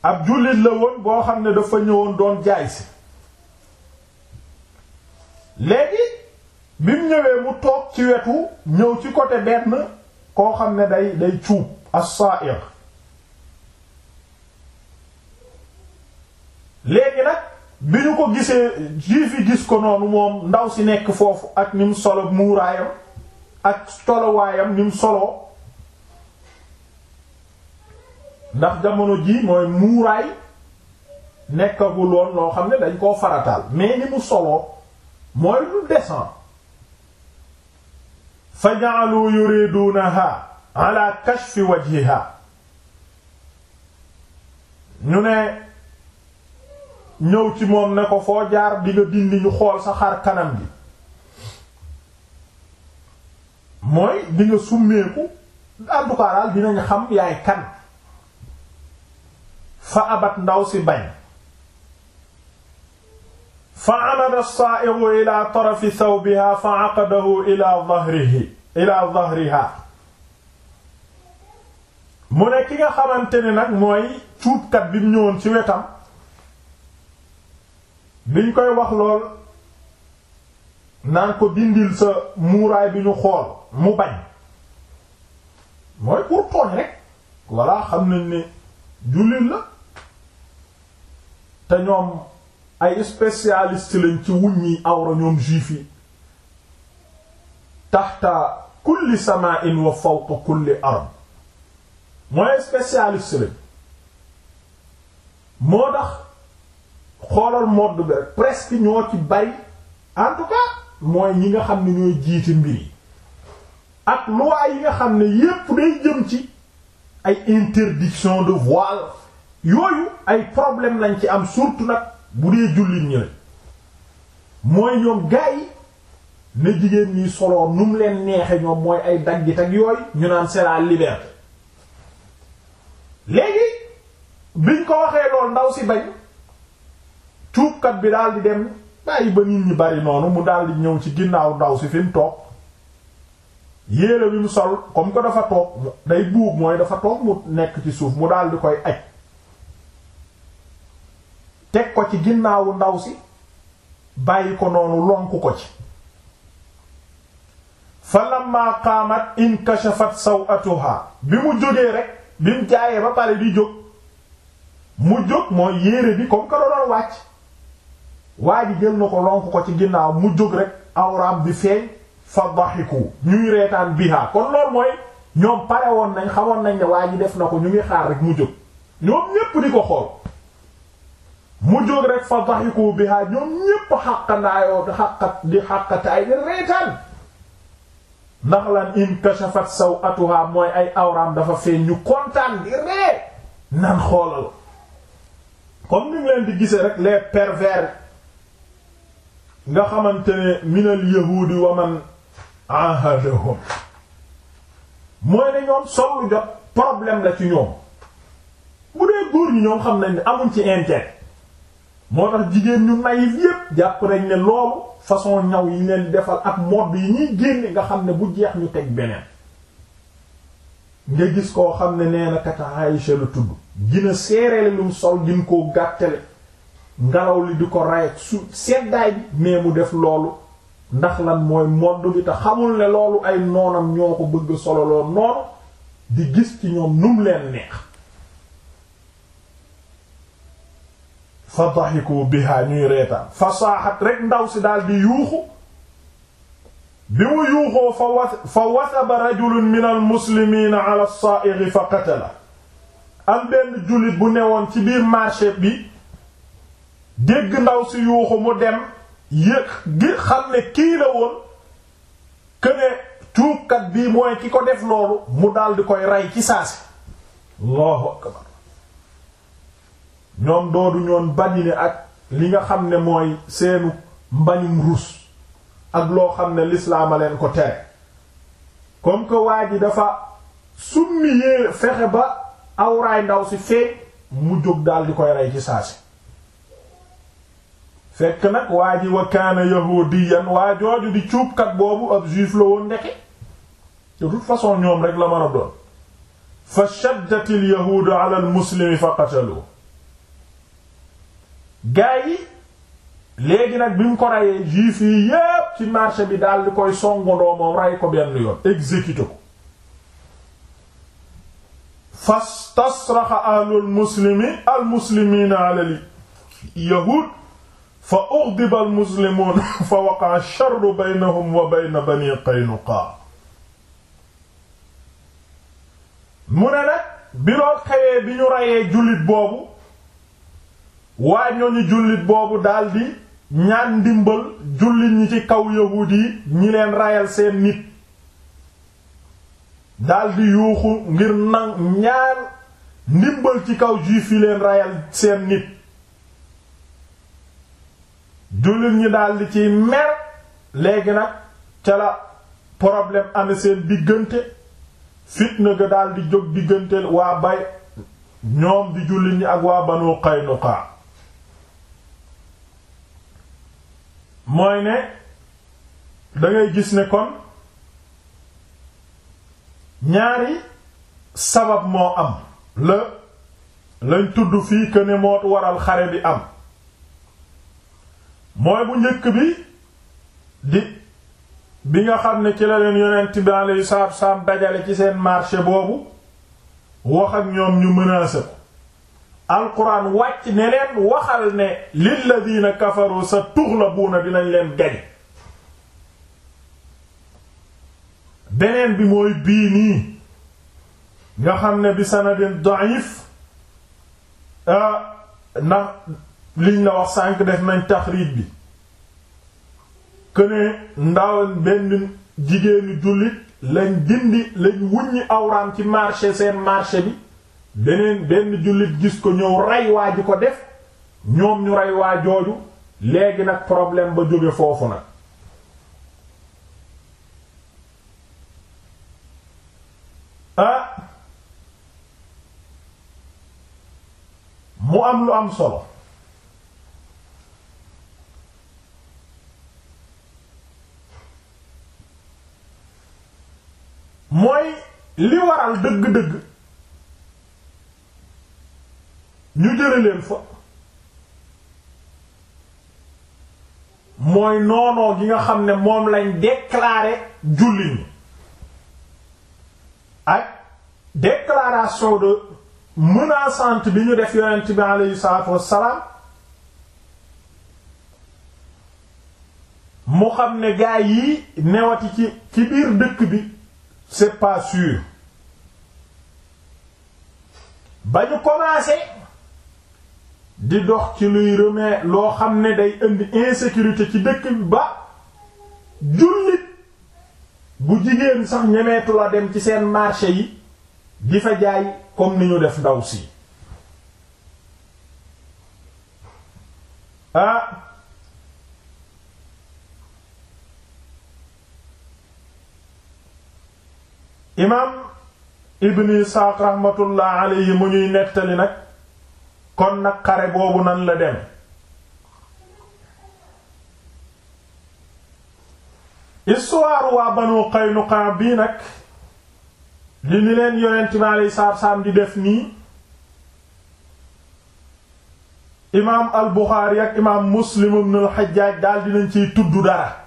ab jullit la woon boo xam ne dafa ñëwoon doon jaay si léegi bi mu ñëwee mu toog ci wetu ñëw ci côté benn koo xam ne day day cuub as bi ñu ko gisee juif yi gis ko noonu moom ndaw si nekk foofu ak ni solo muuraayam ak tolowaayam ni solo ndax jamono ji mooy muuraay nekkagul woon loo xam ne dañ koo farataal mais ni mu soloo mooy lu décent fa ja'alu yuridunaha ala kashfi wajhiha ñu ne ñëw ci moom ne ko foo jaar di dindi ñu xool sa xar kanam gi mooy di nga summeeku en tout cas daal dinañ xam yaay kan fa abat ndaw si bañ fa amada as ila tarafi thawbiha fa aqadahu ila dhahrihi ila dhahriha mu ne ki nga xamante ni nag mooy kat bi mu ñëwoon ci wetam liñ koy wax lool naan ko dindil sa muuraay bi ñu xool mu bañ mooy pour tooñ rek voilà xam nañ ni jullit la te ñoom ay spécialiste lañ ci wuññi awra ñoom juif yi taxta kulli sama'in wa fawqa kulli ard mooy spécialiste lañ moo tax xoolal modd bi rek presque ñoo ci bari en tout cas mooy ñi nga xam ne ñooy jiite mbir yi ak loi yi nga xam ne yépp day jëm ci ay interdiction de voile yooyu ay problème lañ ci am surtout nag bu dee jullit ñi mooy ñoom gaa yi na jigéen ñi solo nu mu leen neexe ñoom mooy ay daggit ak yooyu ñu naan c'est la liberté léegi biñ ko waxee lool ndaw si bañ tuubkat bi daal di dem bàyyi ba nit ñi bari noonu mu daal di ñëw ci ginnaaw ndaw si fi toog yéere bi mu sol comme que dafa toog day buub mooy dafa toog mu nekk ci suuf mu daal di koy aj teg ko ci ginnaawu ndaw si bàyyi ko noonu lonku ko ci fa lamma qaamat inkashafat sawatuha bi mu jógee rek bi mu jaayee ba pare di jóg mu jóg mooy yéere bi comme que doon wàcc waa ji jël na ko lonk ko ci ginnaaw mu jóg rek awraam bi feeñ fa daxiku ñuy reetaan bihaa kon loolu mooy ñoom pare woon nañ xamoon nañ ne waa ji def na ko ñu ngi xaar rek mu jóg ñoom ñépp di ko xool mu jóg rek fa daxiku bihaa ñoom ñépp xàqandaayoo xàqat di xàqataay di reetaan ndax lan inkashafat sawatuha mooy ay awraam dafa feeñ ñu kontaan di ree nan xoolal comme ni ngeen di gisee rek les pervers nga xamante ne minal yahuudi wa man ahadahum mooy ne ñoom sollu jot problème la ci ñoom bu dee góor ñi ñoom xam nañ ne amuñ ci intérêt moo tax jigéen ñu naïf yépp jàpp nañ ne loolu façon ñaw yi leen defal ak mode yi ñuy génne nga xam ne bu jeex ñu teg beneen nga gis koo xam ne nee na kat Aïcha la tudd gina seerele sol gin koo gàttale ngelaw li di ko ray su seddaay bi mais mu def loolu ndax lan mooy modd bi te xamul ne loolu ay noonam ñoo ko bëgg sololoo noonu di gis ci ñoom num leen neex fa daxiku biha ñuy reetaan fa saaxat rek ndaw si daal di yuuxu bi mu yuuxoo fa wa fa wasaba rajulun min al muslimina ala saa'iri fa qatala am benn jullit bu newoon ci biir marché bi dégg ndaw si yuuxu mu dem yëg gi xam ne kii la woon këne tuubkat bii mooy ki ko def loolu mu daldi koy rey ci saasi allahu ñoom doodu ñoon badine ak li nga xam ne mooy seenu mbañum rus ak loo xam ne lislaama leen ko tere comme que waa ji dafa summi yee fexe ba awraay ndaw si feeñ mu jóg daldi koy rey ci saasi fekk nag waa ji wa kaana yahudiyan waa jooju di cuubkat boobu ab juif la woon ndeke de toute façon ñoom rek la mën a doon fa shaddat al ala al muslimi fa qatalu gaa yi léegi nag bi mu ko reyee juif yi yépp ci marché bi daal di koy songandoo moom rey ko benn yoon exécuté ko fastasraxa ahlul muslimi al muslimiina ala yahuud fa ughdiba al muslimuun fa waqa'a ash-sharru baynahum wa bayna bani Qaynuqa mu ne nag bi xewee bi ñu reyee jullit boobu waa ñooñu jullit boobu daldi ñaan ndimbal jullit ñi ci kaw yahuud yi ñi leen rayal seen nit daldi yuuxu ngir nan ñaan ndimbal ci kaw juif yi leen rayal seen nit jullit ñi daldi ciy mer léegi nag ca la problème ame seen diggante fitna ga daldi jóg diggante waa bay ñoom di jullit ñi ak waa Banu Qaynuqa mooy ne dangay gis ne kon ñaari sabab moo am la lañ tudd fii que ne waral xare bi am mooy bu njëkk bi di bi nga xam ne ci la leen yonent bi alayhi salaatu salaam dajale ci seen marché boobu wax ak ñoom ñu menacé ko alquran wàcc ne leen waxal ne lilladina kafaru sa tuxlabuuna dinañ leen gañ beneen bi mooy bii nii nga xam ne bi sanadin da'if ah, ndax liñ la wax sànq def nañ taxriij bi këne ndaw benn jigéenu jullit lañ dindi lañ wuññi awraam ci marché seen marché bi beneen benn jullit gis ko ñëw rey waa ji ko def ñoom ñu rey waa jooju léegi nag problème ba jóge foofu nag ah! mu am lu am solo mooy li waral dëgg-dëgg ñu jëre leen fa mooy noonoo gi nga xam ne moom lañ déclarer julli ñi ak déclaration de menaçante bi ñu def yonent bi aleyhi mu xam ne gaa yi newati ci ci biir dëkk bi c'est pas sûr ba ñu commencé di dox ci luy rëme loo xam ne day indi insécurité ci dëkk bi ba jullit bu jigéen sax ñemeetu la dem ci seen marché yi di fa jaay comme ni ñu def ndaw si ah, imaam ibn Isaaq rahmatullah alayhi mu ñuy nettali nag kon nag xare boobu nan la dem histoire waa Banu Qaynuqa bii nag li ni leen yonent bi alayhi salaatu salaam di def nii imaam al ak imaam Muslim ibn al Hajjaaj daal dinañ ciy tudd dara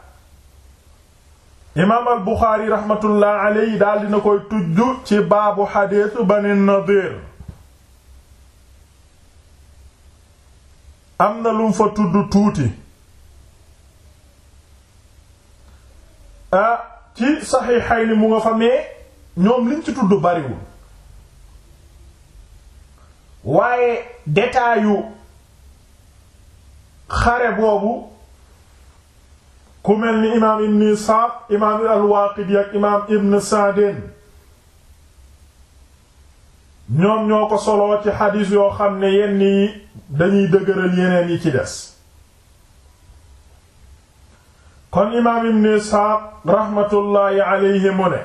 imaam al buxaari rahmatullah alayhi daal dina koy tudd ci baabu xadiisu bani nadir am na lum fa tudd tuuti ah ci saxiixayni mu nga fa mee ñoom liñ ci tudd bariwul waaye detaayu xare boobu ku mel ni imaam ibn Isxaaq imaam al-Waaqidi imaam ibn Sa'din ñoom ñoo ko soloo ci xadiis yoo xam ne yenn yi dañuy dëgëral yeneen yi ci des kon imaam ibn Isxaaq raxmatullaahi alayhi ne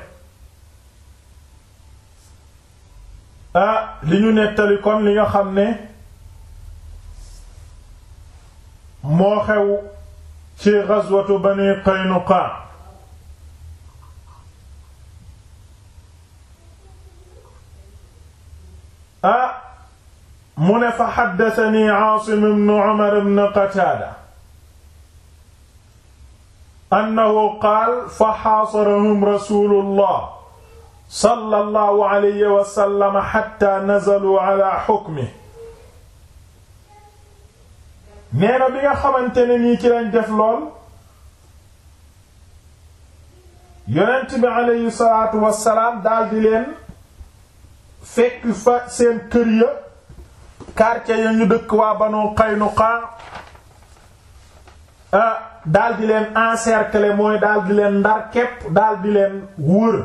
ah li ñu nettali kon li nga xam ne moo xew ci ghazwatu bani Qaynuqa ah mu ne fa haddathani Aasim ibn Umar ibn Qataada annahu qaal fa xaasarahum rasuulullah sallallahu alayhi wa sallam hatta nazaluu ala hukmihi nee bi nga xamante ne nii ci lañ def lool yonent bi aleyhi salaatu wassalaam daldi leen fekk fa seen kër ya quartier ya ñu dëkk waa Banu Qaynuqa ah daldi leen encercler mooy daldi leen ndar képp daldi leen wër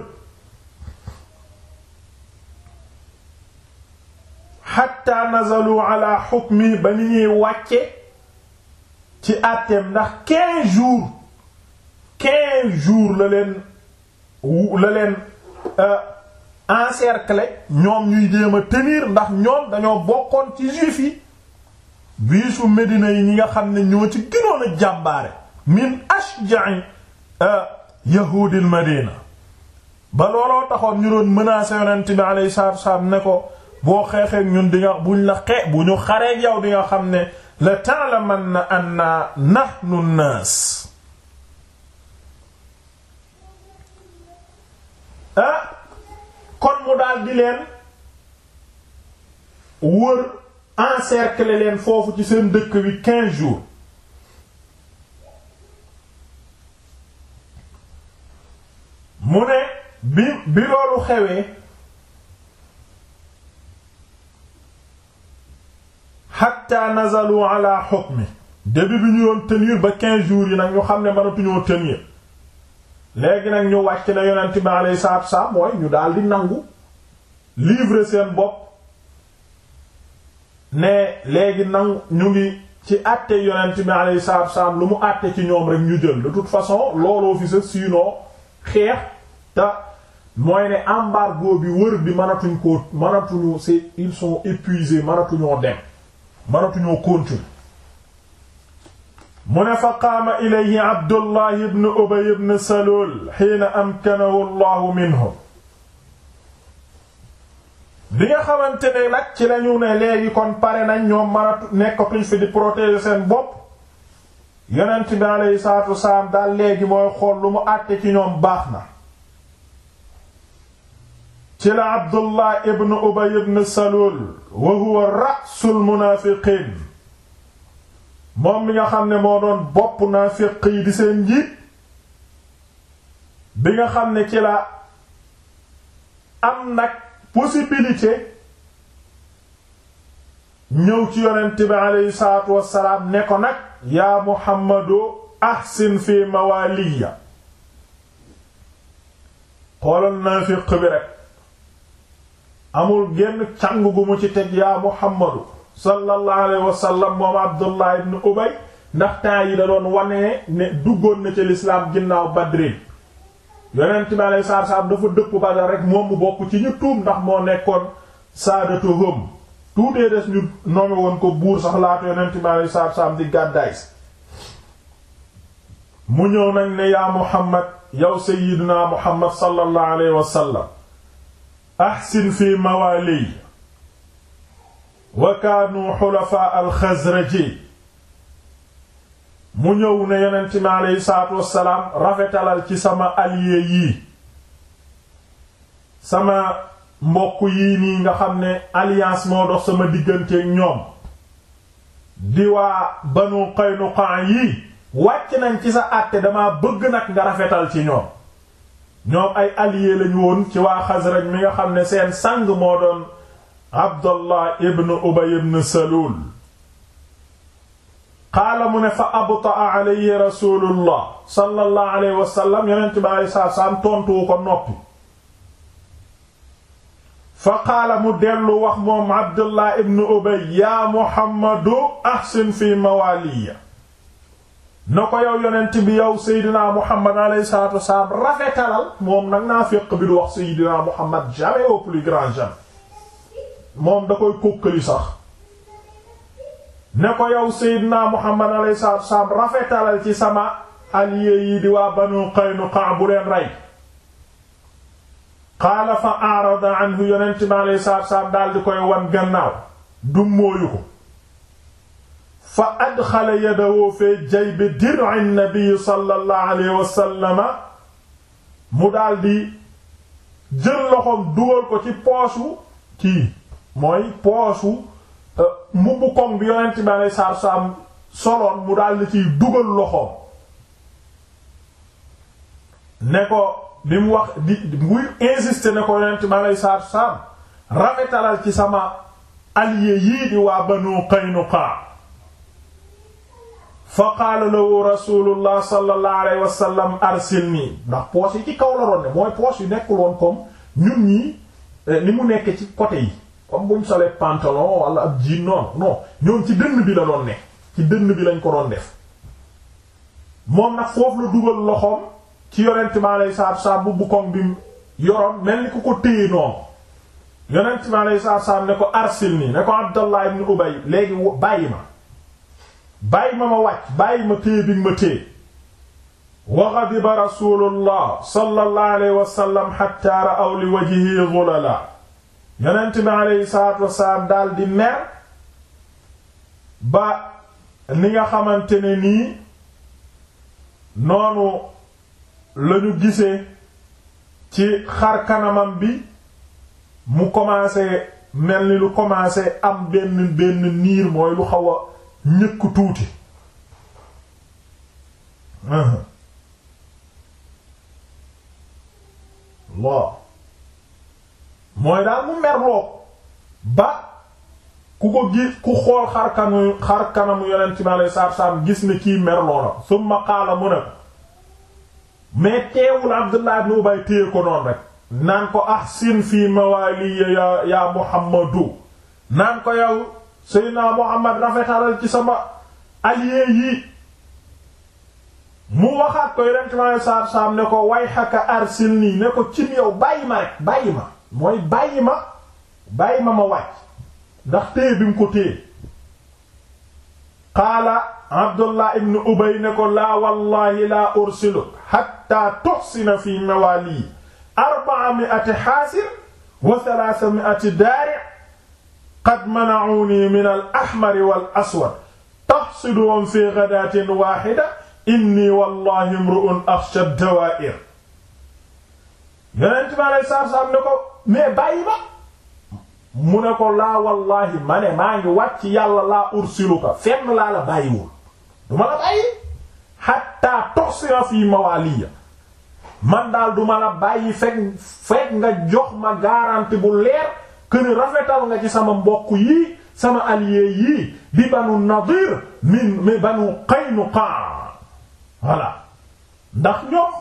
hatta nazalu ala hukmi ba ni ñuy wàcce ci àtteem ndax quinze jours quinze jours la leen la leen euh, encercler ñoom ñuy jéem a tenir ndax ñoom dañoo bokkoon ci juif yi bii su Medina yi ñi nga xam ne ñoo ci gënoon a jàmbaare min ashja'i euh, yahudil Medina ba looloo taxoon ñu doon menacer yonent bi alayhi salaatu wasalaam ne ko boo xeexeek ñun di nga buñ la xee bu ñu xareek yow di nga xam ne la ta'lamanna na nahnu an-nas ah kon mu daal di leen wër encercler leen foofu ci seen dëkk bi quinze jours mu ne bi bi loolu xewee hatta nazalu ala hukmi début bi ñu doon tenir ba quinze jours yi nag ñu xam ne mënatuñoo tenir léegi nag ñu wàcc na yonent bi alayhi salaatu wassalaam mooy ñu daal di nangu livrer seen bopp ne léegi nangu ñu ngi ci àtte yonent bi alayhi salaatu wassalaam lu mu àtte ci ñoom rek ñu jël de toute façon looloo fi sa sinon xeex te mooy ne embargo bi wër bi mënatuñ ko mënatuñu c'est ils sont épuisés mënatuñoo dem mënatuñoo continuer mu ne fa qaama ilayhi abdullahi ibn ubay ibn salul xiina amkanahu allahu minhum bi nga xamante ne nag ci lañu ne léegi kon pare nañ ñoom nekk nekkatuñ fi di protéger seen bopp yonent bi aleyhi salaatu wasalaam daal léegi mooy xool lu mu àtte ci ñoom baax na ci la Abdullah ibn Ubay ibn Salul wa huwa ra'sul munaafiqiin moom mi nga xam ne moo doon bopp naafiq yi di seen njiit bi nga xam ne ci la am nag possibilité ñëw ci yonent bi aleyhi salaatu wassalaam ne ko nag yaa Muhammadu ahsin fi mawaliya xoolal naafiq bi rek amul genn càng gu mu ci teg yaa muhammadu sallallahu alayhi wa sallam moom abdullah ibn ubay ndax temps yi da doon wanee ne duggoon na ci lislaam ginnaaw badrin yonent bi alei saatu salaam dafa dëpp badar rek moom mu bokk ci ñu tuub ndax moo nekkoon saadatuhum tuutee des ñu noome ko buur sax laata yonent bi alei saatu salaam di gàddaay mu ñëw nañ ne yaa muhammad yow sayyidina muhammad sallallahu alayhi wa sallam ahsin fi mawaaliy wa kaanu xulafaa alxasraji mu ñëw ne yonent mi aleyhi salaatu rafetalal ci sama allié yii sama mbokk yii nii nga xam ne alliance moo dox sama digganteeg ñoom di waa banu Qaynuqa yii wàcc nañ ci sa àtte dama bëgg nag nga rafetal ci ñoom ñoom ay alliés lañu ci waa Xasraj mi nga xam ne seen sang moo doon Abdallah ibn Ubay Salul qaala mu ne fa abtaa alayhi rasulullah sallallahu alayhi wa sallam yonent bi alayhi salaatu salaam tontuwu ko noppi fa qaala mu dellu wax moom Abdullah ibn Ubay yaa Muhammadu ahsin fi mawaliya na ko yow yonent bi yow Seydina Muhammad alayhi salaatu wassalaam rafetalal moom nag naa féq bi du wax Seydina Muhammad jamais au plus moom da koy kókkali sax ne ko yow Seydina Muhammad alayhi salaatu wassalaam rafetalal ci sama alliés yi di waa Banu Qaynuqa bu leen rey qaala fa arada anhu yonent bi alayhi daal di koy wan gannaaw dummóoyu ko fa adxala yadahu fi jaybi dir'i nabi sallallahu alayhi wa mu daldi jël loxoom dugal ko ci poosu kii mooy poosu euh, mbubb koŋ bi yonent bi alei soloon mu daldi ciy dugal loxoom ne ko bi mu wax di muy insister ne ko yonent bi alei saatu rafetalal ci sama allié yii di waa Banu Qaynuqa fa qaala lahu rasulullah sallallahu alayhi wa sallam arsilni ndax poche yi ci kaw la doon ne mooy poche yu nekkul woon comme ñun ñii eh, ni mu nekk ci côté yi comme bu solee pantalon wala ab jiin noonu non ñoom ci dënn bi la doon ne ci dënn bi lañ ko doon def moom nag foofu la dugal loxoom ci yonent mi alayhi salaatu salaam bu bukkoom bi yoroon mel ni ku ko téye noonu yonent mi alayhi salaatu salaam ne ko arsilni ne ko Abdallah ibn Ubay léegi bàyyi ma bàyyi ma ma wàcc bàyyi ma téye bi ma téye wa ghadiba rasulullah sallallahu alayhi wa sallam hatta ra'aw li wajhihi ghulala yonent bi alayhi salaatu wasalaam daal mer ba ni nga xamante ni nii noonu lañu gisee ci xar kanamam bi mu commencé mel ni lu commencé am benn benn niir mooy lu xaw a ñëkk tuuti loo mooy daal mu merloog ba ku ko gis ku xool xar kanu xar kanamu yonent mi alei saatu gis ne kii merloo la summa qaala mu ne mais teewul Abdullah ibn Ubay téye ko noonu rek naan ko ahsin fii mawaliya ya ya Muhammadu naan ko yow Seydina Muhammad rafetalal ci sama allié yi mu waxaat ko yonent mi alayhi salaatu salaam ne ko wayhaka arsilnii ne ko cim yow bàyyi ma rek bàyyi ma mooy bàyyi ma bàyyi ma ma wàcc ndax téye bi mu ko téye qaala Abdullah ibn Ubay ne ko laa wallaahi laa ursiluk hattaa tuhsina fii mawaalii arba'a mi'ati haasir wa thalaatha mi'ati daari' qad mana'uni min al ahmari wal aswad tahsiduhum fi ghadatin wahida inni wallahi imru'un akhsha ad-dawa'ir yonent bi alei saatu salaam ne ko mais bàyyi ba mu ne ko laa wallahi ma ne maa ngi wàcc yàlla laa ursiluka fenn laa la bàyyiwul duma la bàyyi hatta toxsira fii mawaliya man daal duma la bàyyi fekk fekk nga jox ma garantie bu leer a rafetal nga ci sama mbokk yi sama allié yi di banu nadir min mi banu qaynuqa voilà ndax ñoom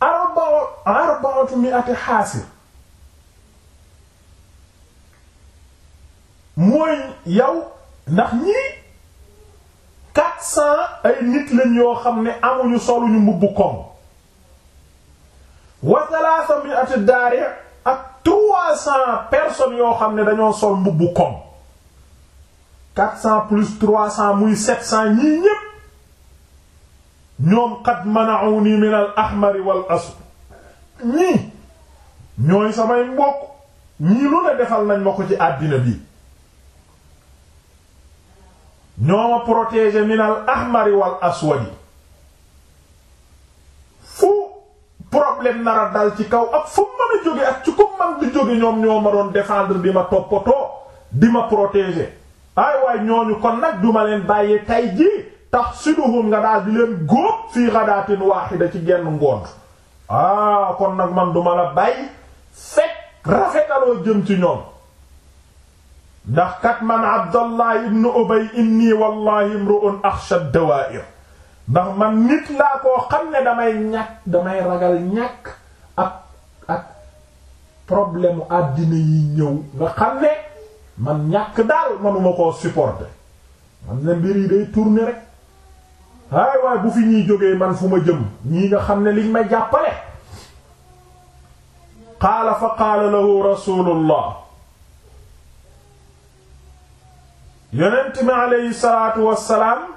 arba'u arba'atu mi'ati xaasir mooy yow ndax ñii quatre ay nit lañ yoo xam ne amuñu soluñu mbubb koŋ wa thalaatha mi'ati daari' trois cents personnes yoo xam ne dañoo sol mbubbu koŋ plus trois cents muy ñii ñépp ñoom qad mana'uni min al ahmar wal aswad ñii ñooy samay mbokk ñii lu ne defal nañ ma ko ci àddina bi ñoo ma protéger min al ahmar wal aswad problème nar a dal ci kaw ak fu mën a jóge ak ci ku man bi jóge ñoom ñoo ma doon défendre di ma toppatoo di ma protéger ay waay ñooñu kon nag duma leen bàyyi tay ji tax siduhum nga daal di leen góob fii xadaatin waaxida ci genn ngoon ah kon nag man duma la bàyyi fekk rafetaloo jëm ci ñoom ndax kat man abdallah ibnu ubay inni wallahi imru'un akhsha dawaa'ir ndax man nit laa koo xam ne damay ñàkk damay ragal ñàkk ak ak problème àddina yi ñëw nga xam ne man ñàkk daal manuma koo supporter man ne mbir yi day tourner rek ay waaye bu fi ñuy jógee man fu ma jëm ñii nga xam ne liñ ma jàppale qaala fa qaala lahu rasulullah yonent mi aleyhi wassalaam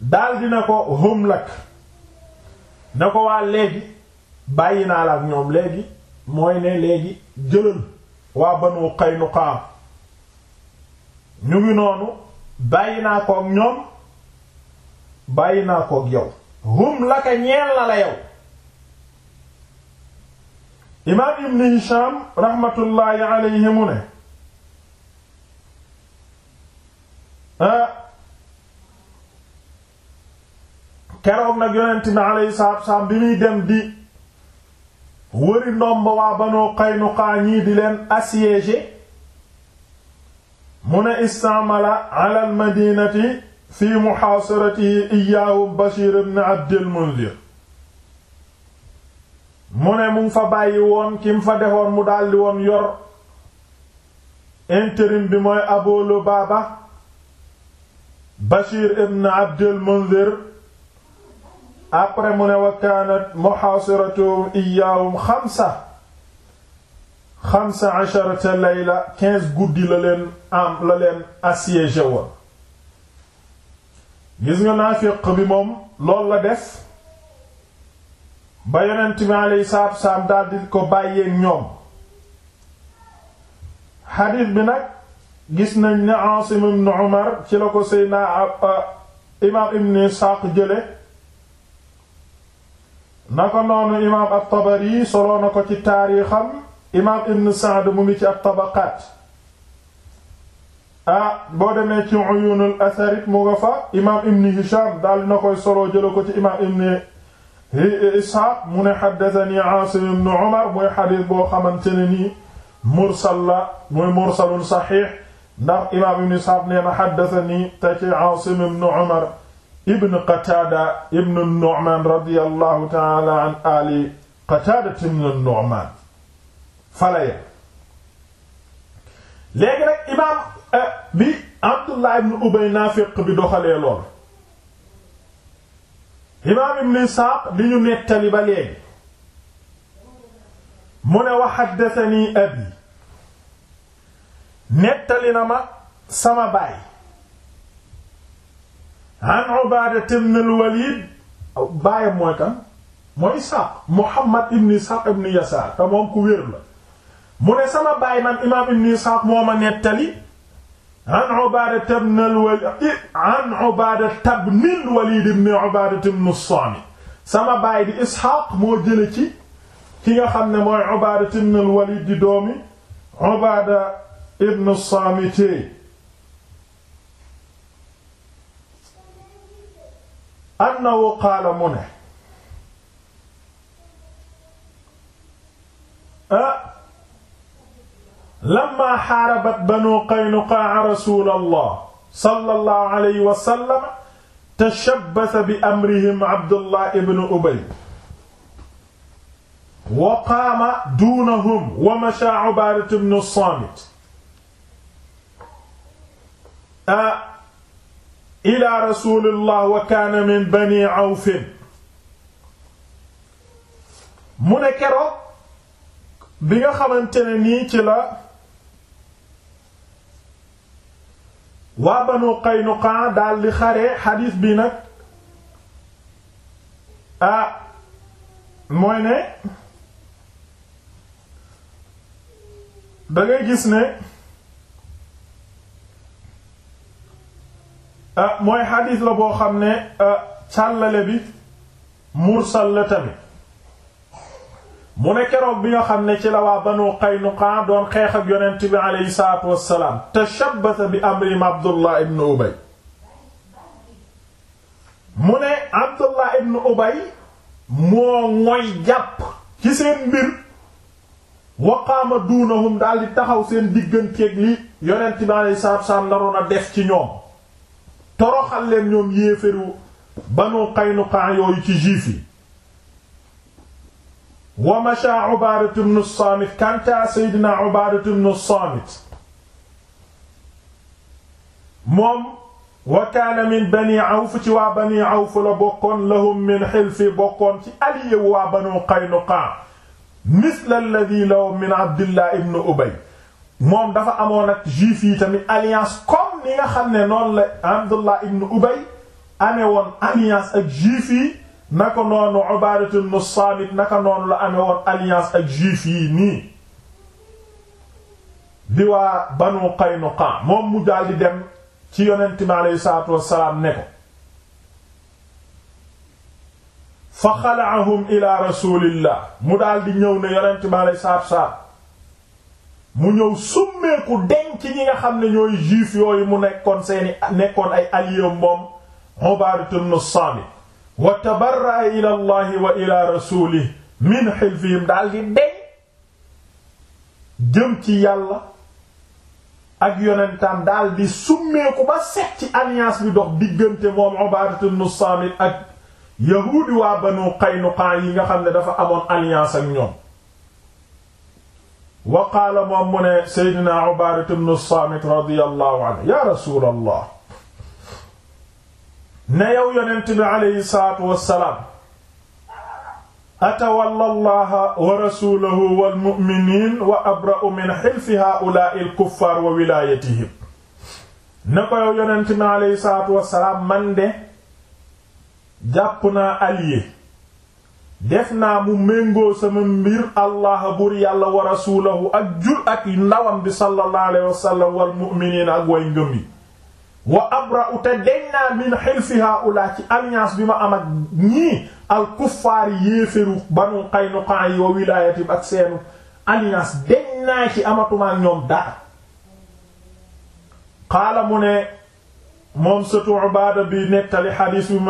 daldi dina ko hum lak na ko waa léegi bàyyi naa la ak ñoom léegi mooy ne léegi jëlal waa Banu Qaynuqa ñu ngi noonu bàyyi naa ko ak ñoom bàyyi naa ko ak yow hum laka ñeel na la yow imaam ibn Hisham rahmatullahi alayhi mu ne ah, keroog nag yonent mi alayhi salaatu wassalaam bi muy dem di wëri ndomba waa Banu Qaynuqa ñii di leen assiéger mu ne istamala ala al madinati fi muhaasaratihi iyaahum Bashir ibn Abdil Munzir mu ne mu fa bàyyi woon ki mu fa defoon mu daldi woon yor intérim bi mooy Abu Lubaaba Bashir ibn Abdil Munzir après mu ne wa kaanat muhaasiratuhum iyaahum xamsa xamsa asharata layla guddi la leen am la leen assiégé woon gis nga naafiq bi moom loolu la def ba yonent bi alayhi salaatu wasalaam daldi ko bàyyee ñoom xadiis bi nag gis nañ ne Aasim ibn Umar ci la ko Seydina uh, uh, imaam ibn Isaaq jële naka noonu imaam at-Tabari soloo na ko ci taarixam imaam Ibn Sa'd mu ngi ci at-Tabaqaat ah boo demee ci Uyuunul Asarit mu nga fa imaam Ibn Hisham daal na koy soloo jëla ko ci imaam Ibn Isxaaq mu ne haddathanii Aasim ibn Umar mooy xadiis boo xamante ne nii mursal la mooy mursalun saxiix ndax imaam Ibn Isxaaq na haddathanii te ci Aasim ibn Umar ibn qataada ibn nu'man radiyallahu taala an ali qataada ibn nu'man falaya léegi nag imaam eh, bi abdullah ibn ubay naafiq bi doxalee lool imaam ibn isxaaq di ñu nettali ba léegi mu ne wa haddathani abi nettali na ma sama baay an Ubaadata ibn al-Waliid baayam mooy kan mooy Isxaaq Muhammad ibn Isxaaq ibn Yasaar te moom ku wér la mu ne sama baay man imaam ibn Isxaaq moo ma nettali an Ubaadata ibn al-Waliid an Ubaadata ibn al-Waliid sama baay di Isxaaq moo jële ci ki nga xam ne mooy Ubaadata ibn al-Waliid di doomi Ubaada ibn as-Saamit annahu qaala mu ne lamma xaarabat banu qaynuqaa rasul allah sallallahu alayhi wa sallam tashabbasa bi amrihim abdullah ibn ubay wa qaama duunahum wa masha ubaadatu ibn saamit ila rasulillah wa kaana min bani awfin mu ne keroog bi nga xamante ne nii ci la waa banu Qaynuqa daal di xare xadiis bi nag ah mooy ne da ngay gis ne Ah, mooy xadiis la boo xam ne ah, càllale bi mursal la tamit mu ne keroog bi nga xam ne ci la waa banu Qaynuqa doon xeex ak yonent bi aleyhi salaatu wassalaam tashabbata bi amrim Abdullah ibn Ubay mu ne Abdullah ibn Ubay moo mooy jàpp ci seen mbir waqaama duunahum daal di taxaw seen digganteeg li yonent bi aleyhi salaatu wassalaam naroon a def ci ñoom toroxal leen ñoom yéeféru banu Qaynuqa yooyu ci juif yi wa masha Ubaadatu bnu Saamit kanta Seydina Ubaadatu bnu Saamit moom wa kaana min bani Awf ci waa bani Awf la bokkoon lahum min xilfi bokkoon ci allié waa banu Qaynuqa misla alladhi law min Abdullah ibn Ubay moom dafa amoon ak juif yi tamit alliance comme ni nga xam ne noon la Abdullah ibn Ubay amee woon alliance ak juif yi naka noonu Ubaadatu la amee alliance ak juif yi nii di waa Banu Qaynuqa moom mu daal di dem ci yonent mi ne ko fa xala'ahum ila rasulillah mu daal di ñëw ne yonent mi aleyhi salaatu mu ñëw summeeku denc ñi nga xam ne ñooy juif yooyu mu nekkoon seeni nekkoon ay alliés moom Ubaadatu ibn Saamit wa tabarra'a ila allahi wa ila rasulihi min hilfihim daal di deñ jëm ci yàlla ak yonentam daal di summeeku ba set ci alliance bi dox diggante moom Ubaadatu ibn Saamit ak yahuudi waa Banu Qaynuqa yi nga xam ne dafa amoon alliance ak ñoom wa qaala moom mu ne Seydina Ubaadatu ibnu Saamit radiyallahu anhu yaa rasuulallah ne yow yonent bi aleyhi salaatu wassalaam atawalla allaha wa rasuulahu wal mu'miniin wa abra'u min hilfi haa'ulaa'i al-kuffaar wa wilaayatihim ne ko yow yonent bi aleyhi salaatu wassalaam man de jàpp naa allié def naa mu méngoo sama mbir allah buur yàlla wa rasuulahu ak jur ak ndawam bi sallallahu alayhi wa sallam wal mu'miniina ak way ngëm yi wa abra'u te deñ naa min xilfi haula ci bi ma am ak al kuffaari yéeféru banu Qaynuqa yi wa wilaayatim ak seenu alliance deñ naa ci amatuma qaala mu ne moom sëtu bi nettali xadiis bi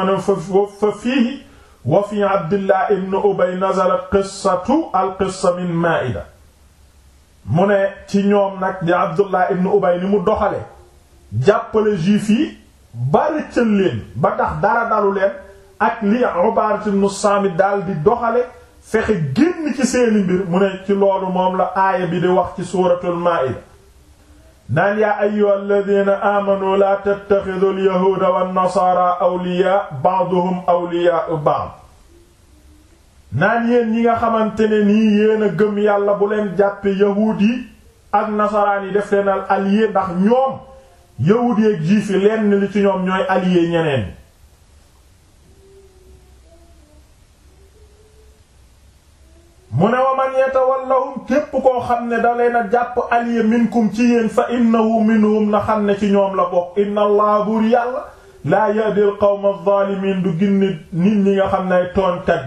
fa fiihi wa fi abdillah ibn ubay nazalat qissatu al qissa min maida mu ne ci ñoom nag di abdullah ibn ubay ni mu doxale jàppale juif yi ba rëccal leen ba tax dara dalu leen ak li Ubaadatu ibn Saamit daal di doxale fexe génn ci seeni mbir mu ne ci loolu moom la aaya bi di wax ci suuratul maa'ida naan yaa ayyuha alladina amanu la tattaxidu alyahuuda wannasaara awliya ba'duhum awliyaa'u ba'd naan yéen ñi nga xamante ne nii yéen a gëm yàlla bu leen jàppe yahuud yi ak nasaraan yi def leen al ndax ñoom yahuud yi ak li ci ñoom ñooy allié ñeneen mu ne wa man yatawallahum képp koo xam ne da leen a jàpp allié minkum ci yéen fa innahu minhum na xam ne ci ñoom la bokk inna allah buur yàlla laa yahdil qawma adh-dhalimin du ginni ñi nga xam ne ay tooñkat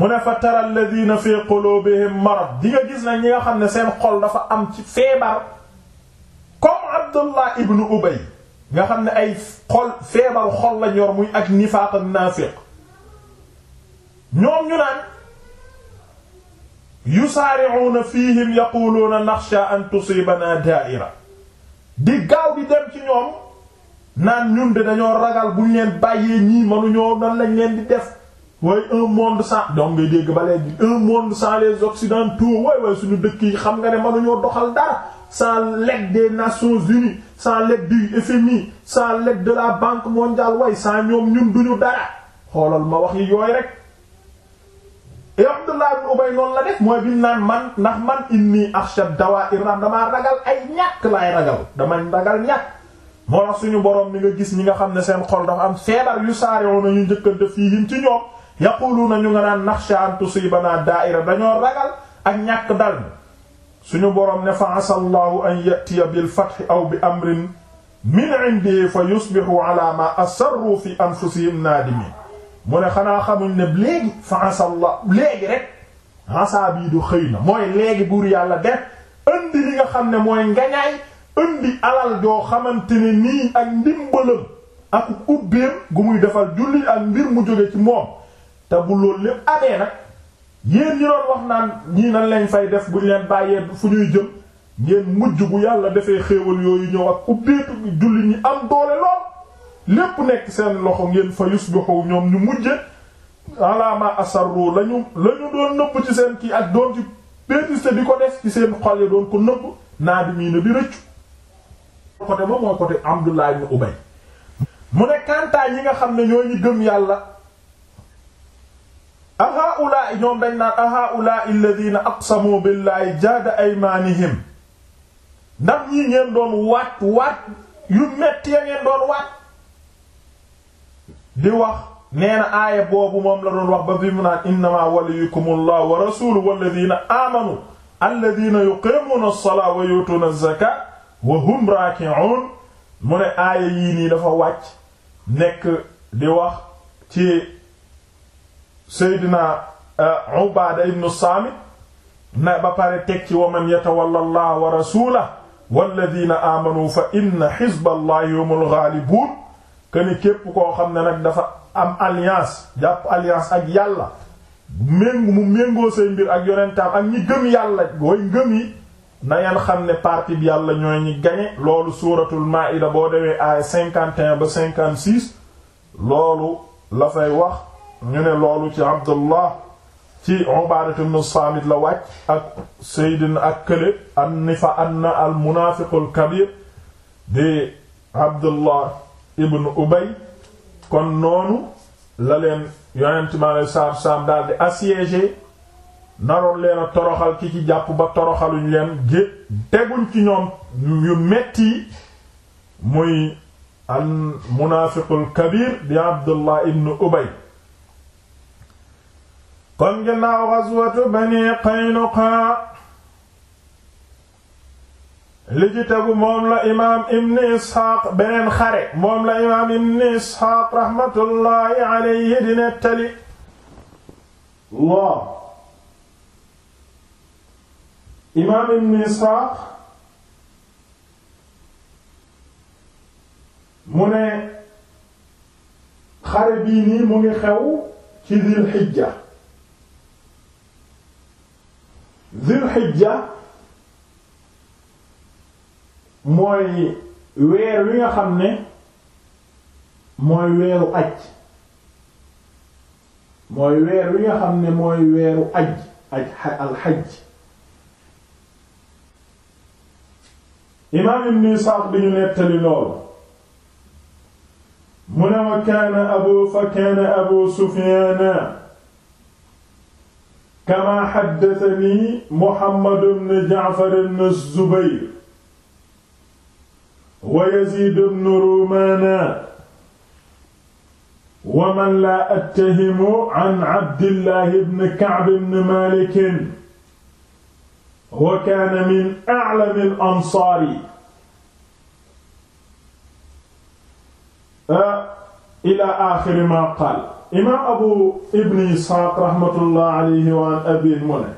ne fa tara alladhina fi qulubihim marad di nga gis na ñi nga xam ne seen xol dafa am ci feebar comme abdullah ibnu ubay nga xam ne ay xol feebaru xol lañ yor muy ak nifaaq an-naafiq ñoom ñu naan yusaari'uuna fiihim yaquluuna naxsha an tusiibanaa daa'ira di gaaw bi dem ci ñoom naan ñun de dañoo ragal buñ leen bàyyee ñii mënuñoo nan lañ leen di def waaye un monde sans donc ngay dégg ba léegi un monde sans les occidentaux waay waay suñu dëkk yi xam nga ne mënuñoo doxal dara sans l'aide des Nations Unies sans l'aide du FMI sans l'aide de la Banque mondiale waay sans ñoom ñun duñu dara xoolal ma wax yi yooyu rek Eh, Abdullah ibn Ubay noonu la def mooy biñ naan man ndax man inni akhsha dawa'ir damaa ragal ay ñàkk laay ragal dama ragal ñàkk moo tax suñu borom mi nga gis ñi nga xam ne seen xol dafa am feebar yu saareo nañu njëkkante fiihim ci ñoom yaquluna ñu nga naan nakhsha an tusibana da'ira dañoo ragal ak ñàkk dal suñu borom ne fa asa allahu an yatiya bil fath aw bi amrin min indihi fa yusbihu ala ma asarru fi anfusihim nadimin mu ne xanaa xamuñ ne léegi fa asallah léegi rek asaab yi du xëy na mooy léegi buur yàlla def indi li nga xam ne mooy ngañaay indi alal joo xamante ne nii ak ndimbalam ak ubbeem gu muy defal julli ak mbir mu jóge ci moom te bu loolu lépp amee nag yéen ñi doon wax naan ñii nañ lañ fay def buñ leen bàyyee fu ñuy jëm ngeen mujj bu yàlla defee xéewal yooyu ñëw ak ubbeetu julli ñi am doole lool lépp nekk seen loxo ngeen fa yusbihu ñoom ñu mujje alaama asarru lañu lañu doon nëbb ci seen kii ak doon ci pétiste di ko def ci seen xol ya doon ko nëbb naa di mii na di rëccu côté ba mooy côté Abdullah ibn Ubay mu ne kantaa yi nga xam ne ñoo ñi gëm yàlla ahaulaa i ñoom dañ naan ahaulaa alladhina aqsamu billahi jaada aymanihim ndax ñii ngeen doon waat waat yu metti ya ngeen doon waat di wax nee na aaya boobu moom la doon wax ba bi mu naan innama waliyukumullahu wa rasuluhu walladina amanu alladina yuqimuuna as-salata wa yu'tuuna az-zakata wa hum raaki'uun mu ne aaya yii nii dafa wàcc nekk di wax ci Seydina uh, Ubaada ibnu Saamit na ba pare teg ci wa man yatawalla allaha wa rasulahu walladina amanu fa inna hizba allahi humul ghaalibuun këni képp koo xam ne nag dafa am alliance jàpp alliance ak yàlla méng mu méngoo say mbir ak yonentam ak ñi gëm yàlla booy ngëm yi na ngeen xam ne parti bi yàlla ñooy ñi gañe loolu suuratul maida boo demee ay cinquante et ba cinquante six loolu la fay wax ñu ne loolu ci abdullah ci Ubaadatu ibn Saamit la wàcc ak Seydina ak kële an nifa anna al munaafiqul kabiir di abdullah ibn Ubay kon noonu la leen yonent mi alei salaatu salaam naroon leen toroxal ki ci jàpp ba toroxaluñ leen gé teguñ ci ñoom yu metti muy al munaafiqul kabir di Abdullah ibn Ubay kon ginnaaw ghazwatu Bani Qaynuqa li ci tegu moom la imaam ibn isxaaq beneen xare moom la imaam ibn isxaaq raxmatullaahi alayhi di nettali loo imaam ibn isxaaq mu ne xare bii nii mu ngi xew ci zil xijja zil xijja mooy weer wi nga xam ne mooy weeru aj mooy weer wi nga xam ne mooy weeru aj aj alxaj imaam ibn Isaaq bi ñu nettali loolu mu ne wa kaana abu fa kaana abu Sufyaana kamaa haddathanii Muhammad ibn Ja'far ibn Zubayr wa Yaziid ibnu Rumaana wa man laa attahimu an Abdillaahi ibn Ka'b ibn Maalik wa kaana min a'lami al-ansaari ilaa aaxiri maa qaal imaam Abu ibn Isxaaq raxmatullahi alayhi wa an abiihi mu ne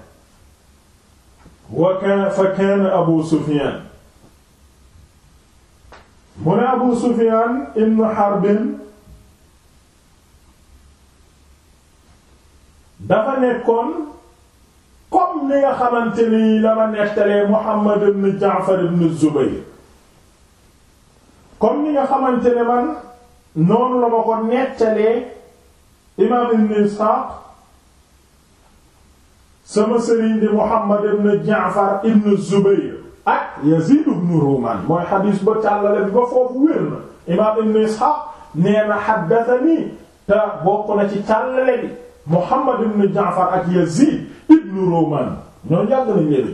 wa kaana fa kaana Abu Sufyaan mu ne abu sufiyaan ibnu harbin dafa nekkoon comme ni nga xamante ni la ma nettalee muhammad ibnu jaafar ibnu zubayr comme ni nga xamante ne man noonu la ma ko nettalee imaam ibnu isxaaq sama sëriñ di muhammad ibnu jaafar ibnu zubayr ak Yazid ibn Ruman mooy xadiis ba càllale ba foofu wér na imaam ibn Ishaq nee na haddathani te bokk na ci càllale bi Muhammad ibn Ja'far ak Yazid ibn Ruman ñoom yàgg nañ leen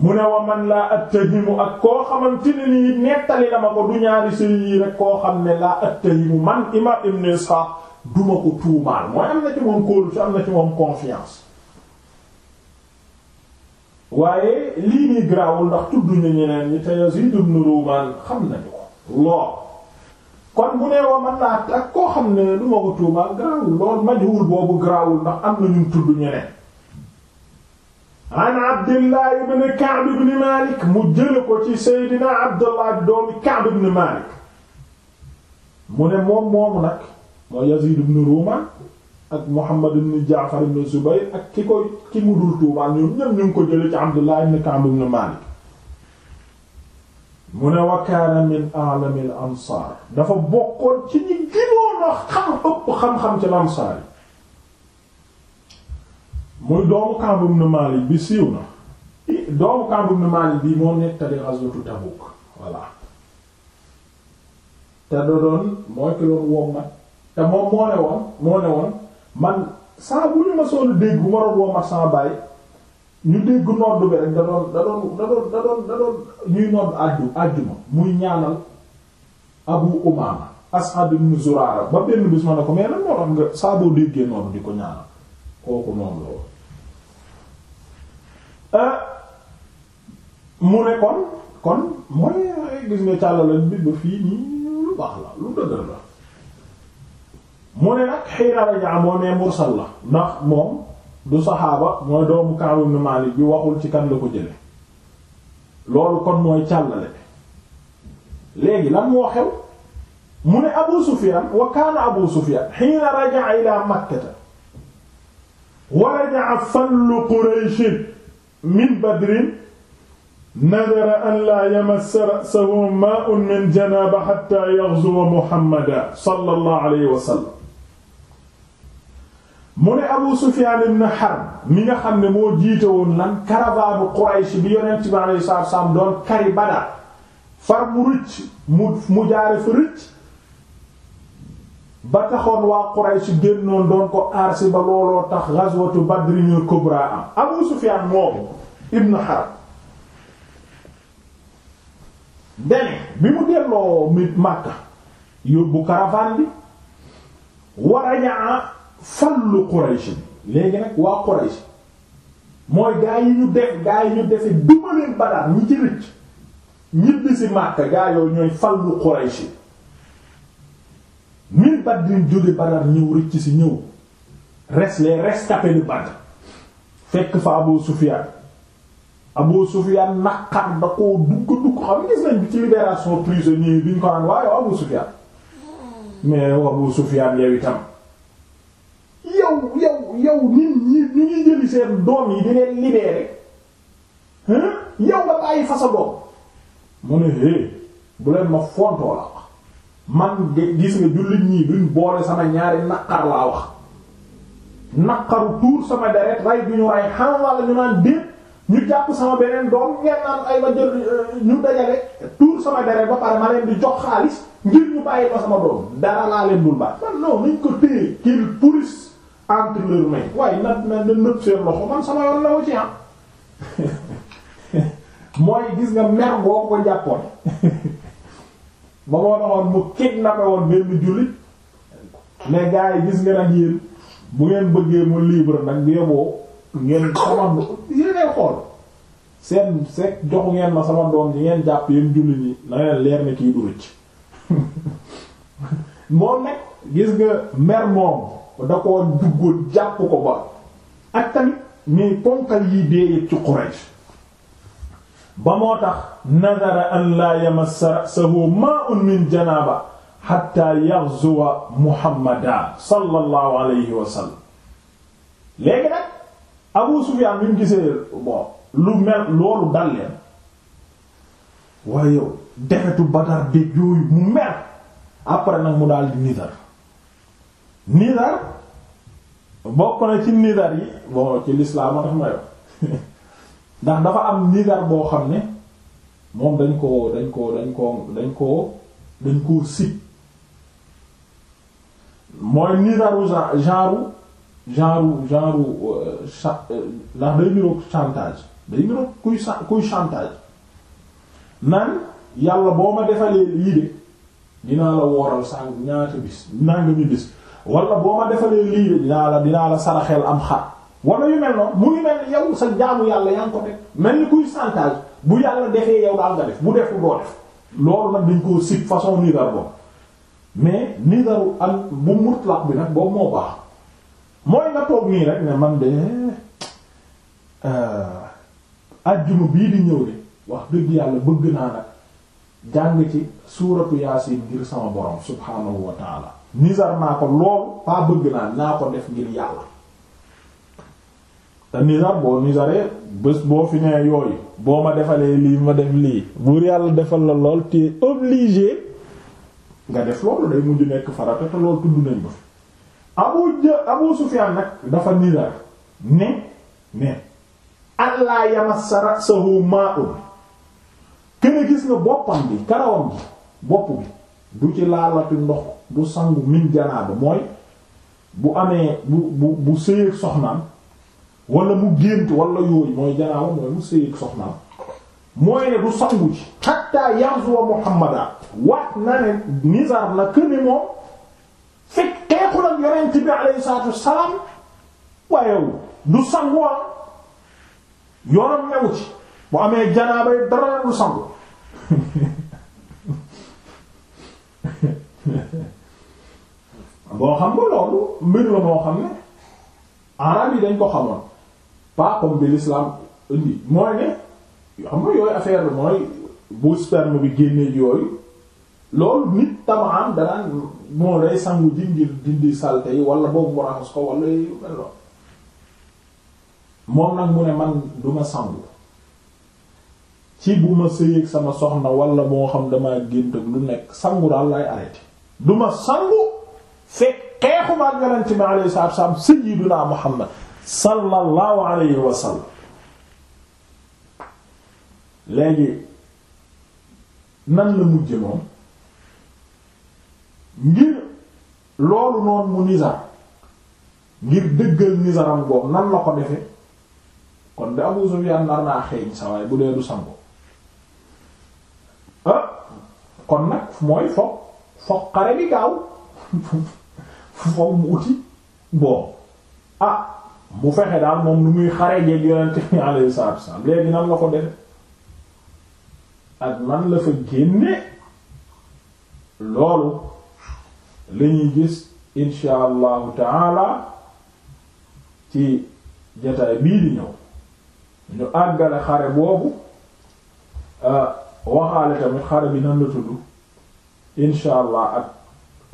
mu ne wa man laa attahimu ak koo xamante ne nii nettali na ma ko du ñaari sëy yii rek koo xam ne laa attahimu man imaam ibn Ishaq duma ko tuumaal mooy am na ci moom kóolu ci am na ci moom confiance waaye lii nii garaawul ndax tudd na ñeneen ñi te Yazid ibn Ruman xam nañu ko kon bu nee wa man naa ak koo xam ne du ko tuumaal garaawul lool majhul boobu garaawul ndax am na ñu tudd ñeneen an Abdullah ibn Ka'b ibn Malik mu jële ko ci Seydina Abdullah doomi Ka'b ibn Malik mu ne moom moomu nag mooy Yazid ibn Ruman ak Muhammad ibn Jaafar ibn Zubayr ak ki koy ki mu dul tuumaal ñoom ñu ngi ko jële ci Abdullah ibn Ka'b ibn Malik mu ne wa min a'lami ansaar dafa bokkoon ci ñi gënoon a xam ëpp xam-xam ci lansaar yi muy doomu Ka'b ibn Malik bi siiw na doomu Ka'b ibn Malik bi moo nettali ghazwatu Tabuk voilà te da mooy ki doon wommat te moom moo ne woon moo ne woon man saa bu ñu ma soonu dégg bu ma doon woo ma sama baay ñu dégg nodd bi rek da doon da doon da doon ñuy nodd àjju àjjuma muy ñaanal Abu Umaama As'ad ibn Zurara ba benn bis ma ne ko mais lan moo nga saa déggee nodd di ko ñaanal kooku noonu la euh, mu ne kon kon mooy gis nga càllale bi ba fii nii lu baax la lu dëgër la mu ne nag xiina rajaa moo ne mursal la ndax moom du saxaaba mooy doomu Ka'b ibn Malik bi waxul ci kan la ko jële loolu kon mooy càllale léegi lan moo xew mu ne Abu Sufyan wa kaana Abu Sufyan xiina rajaa ila Makkata wa rajaa fallu Quraysh min Badrin nadara an laa yamassa ra'sahu maa'un min janaaba hatta yaghzuwa Muhammadan sallallahu alayhi wa sallam mu ne Abu Sufyan ibn Harb mi nga xam ne moo jiite woon lan caravane Quraysh bi yonent bi alayhi salaatu salaam doon kari Badar far mu rëcc mu mu jaare fa rëcc ba taxoon waa Quraysh génnoon doon ko aar si ba looloo tax ghazwatu Badrin al-kubra am Abu Sufyan moomu ibn Harb dene bi mu delloo mi Makka yóbbu caravane bi war a ñaa fallu Quraysh léegi nag waa Quraysh mooy gaa yi ñu def gaa yi ñu defe duma leen Badar ñu ci rëcc ñibbi si Makka gaa yooyu ñooy fallu Quraysh min Badrin jóge Badar ñëw rëcc si ñëw res les rescapés de Badr fekk fa Abu Sufyan Abu Sufyan naqar da koo dugg dugg xam gis nañ bi ci libération prisonnier bi ñu ko naan waaye Abu Sufyan mais Abu Sufyan yow itam yow yow yow nit ñi ñu seen doom yi di leen libéré yow nga bàyyi fa sa doom mu ne hé bu leen ma fontoo la wax man gis nga jullit ñii duñ boole sama ñaari naqar laa wax naqaru tuur sama deret ray bu ñu ray xam walla ñu naan déet ñu jàpp sama beneen doom ngeen naan ay ma jël euh, ñu dajale tuur sama deret ba pare ma leen di jox xaalis ngir ñu bàyyi ko sama doom dara laa leen man non nañ ko téye qu'il pourrisse entre leurs mains waaye na na nëb seen loxo man sama yoon la wu am ah. mooy gis nga mer boo ko jàppoon ba moo taxoon mu kidnappé woon benn jullit mais gars gis nga nag yéen bu ngeen bëggee mu libre nag bi yeboo ngeen sama sama doom yi ngeen jàpp yéen jullit yi na ngeen leer ne kii du rëcc moom nag gis nga mer moom da koo duggoon jàpp ko ba ak tamit mais ponkal yi dee yëpp ci Quraysh ba moo tax nadara an laa yamassa ra'sahu ma'un min janaaba hatta yaghzuwa Muhammadan sallallahu alayhi wa léegi nag Abu Sufyaan mu gisee bon lu mel loolu dal leen waaye yow deretu Badar dég yooyu mu mer après nag mu daal di nidar nidar bokk na ci nidar yi bon ci lislaam a tax ma yoon ndax dafa am nidar boo xam ne moom dañ koo dañ koo dañ ko dañ ko dañ koo si mooy nidaru genre genre genre euh, euh, ndax day niroog chantage day niroog kuy kuy chantage naan yàlla boo ma defalee lii de dinaa la wooral sàng ñaata bis nanga bis wala boo ma defalee lii de dinaa la dinaa la saraxeel am xar wala yu mel noonu mu ngi mel yow sa jaamu yàlla yaa ngi mel ni kuy santage bu yàlla defee yow daal nga def bu def doo def loolu nag dañ koo sib façon nidar boobu mais nidaru am bu mutlaq bi nag boobu moo baax mooy nga toog nii rek ne man de euh, ajjuma bii di ñëw de wax dëgg yàlla bëgg naa nag jàng ci suuratu yaasin ngir sama borom subhaanahu wa nizar naa ko loolu pas bëgg naa naa ko def ngir yàlla te nizar boo nizaree bés boo fi nee yooyu boo ma defalee lii ma def lii buur yàlla defal la lool te obligé nga def loolu day mujj nekk farata te loolu tudd nañ ko fi Jë Abu Sufyaan nag dafa nizar ne ne allah yamassa ra'sahu ma'un gis nga boppam bi karawam bi bopp bi du ci laalati ndox du sangu min janaaba mooy bu amee bu bu bu sëyeeg soxnaam wala mu gént walla yooyu mooy janaaba mooy mu sëyeeg soxnaam mooy ne du sangu ci xatta yansuwa muhammada wax na ne nizar la këne moom fekk teexul ak yonent bi alayhi salaatu wassalaam waayewu du sanguwaa ah yoonam newu ci bu amee janaaba yi dara du sangu boo xam nga loolu mbir la moo xam ne arab yi dañ ko xamoon pas comme bi l'islam indi mooy ne yooyu affaire bi mooy bu sperme bi génnee yooyu loolu nit tamaan danaan moo day sangu dindi salte yi wala boobu mu raxas ko wala moom nag mu ne man duma sangu ci bu ma sëyeeg sama soxna wala moo xam damaa gént ak lu nekk sangu daal lay arrêté duma sangu fekk xeexuma ak yonent bi alayhi salaatu wa salaam sayyiduna Muhammad sallallahu alayhi wa léegi nan la mujje moom ngir loolu noonu mu nizar ngir dëggal nizaram boobu nan la ko defe kon de Abu Sufyaan naa xeeñ sa bu dee du sango ah kon nag mooy foog foog xare bi gaaw faw mu uti bon ah bu fexe daal moom lu muy xare jeeg yonente bi alayhi salaatu wasallam léegi nan la ko defe ak nan la fa génne loolu la ñuy gis insha allahu taala ci jataay bii di ñëw ñu àggale xare boobu euh, waxaale tamit xare bi nan la tudd insha allah ak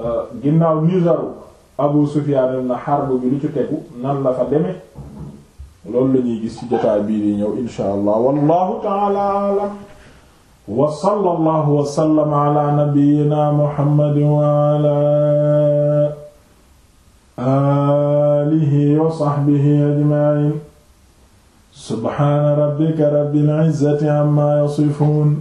euh, ginnaaw nizaru Abu Sufyan ibn Harb bi lu ci tegu nan la fa demee loolu la ñuy gis ci jotaay bii di ñëw insha allah wallahu ta'ala a'lam wa sallallahu wa sallama ala nabiyyina Muhammad wa ala alihi wa sahbihi ajma'in subhana rabbika rabbil izzati amma yasifun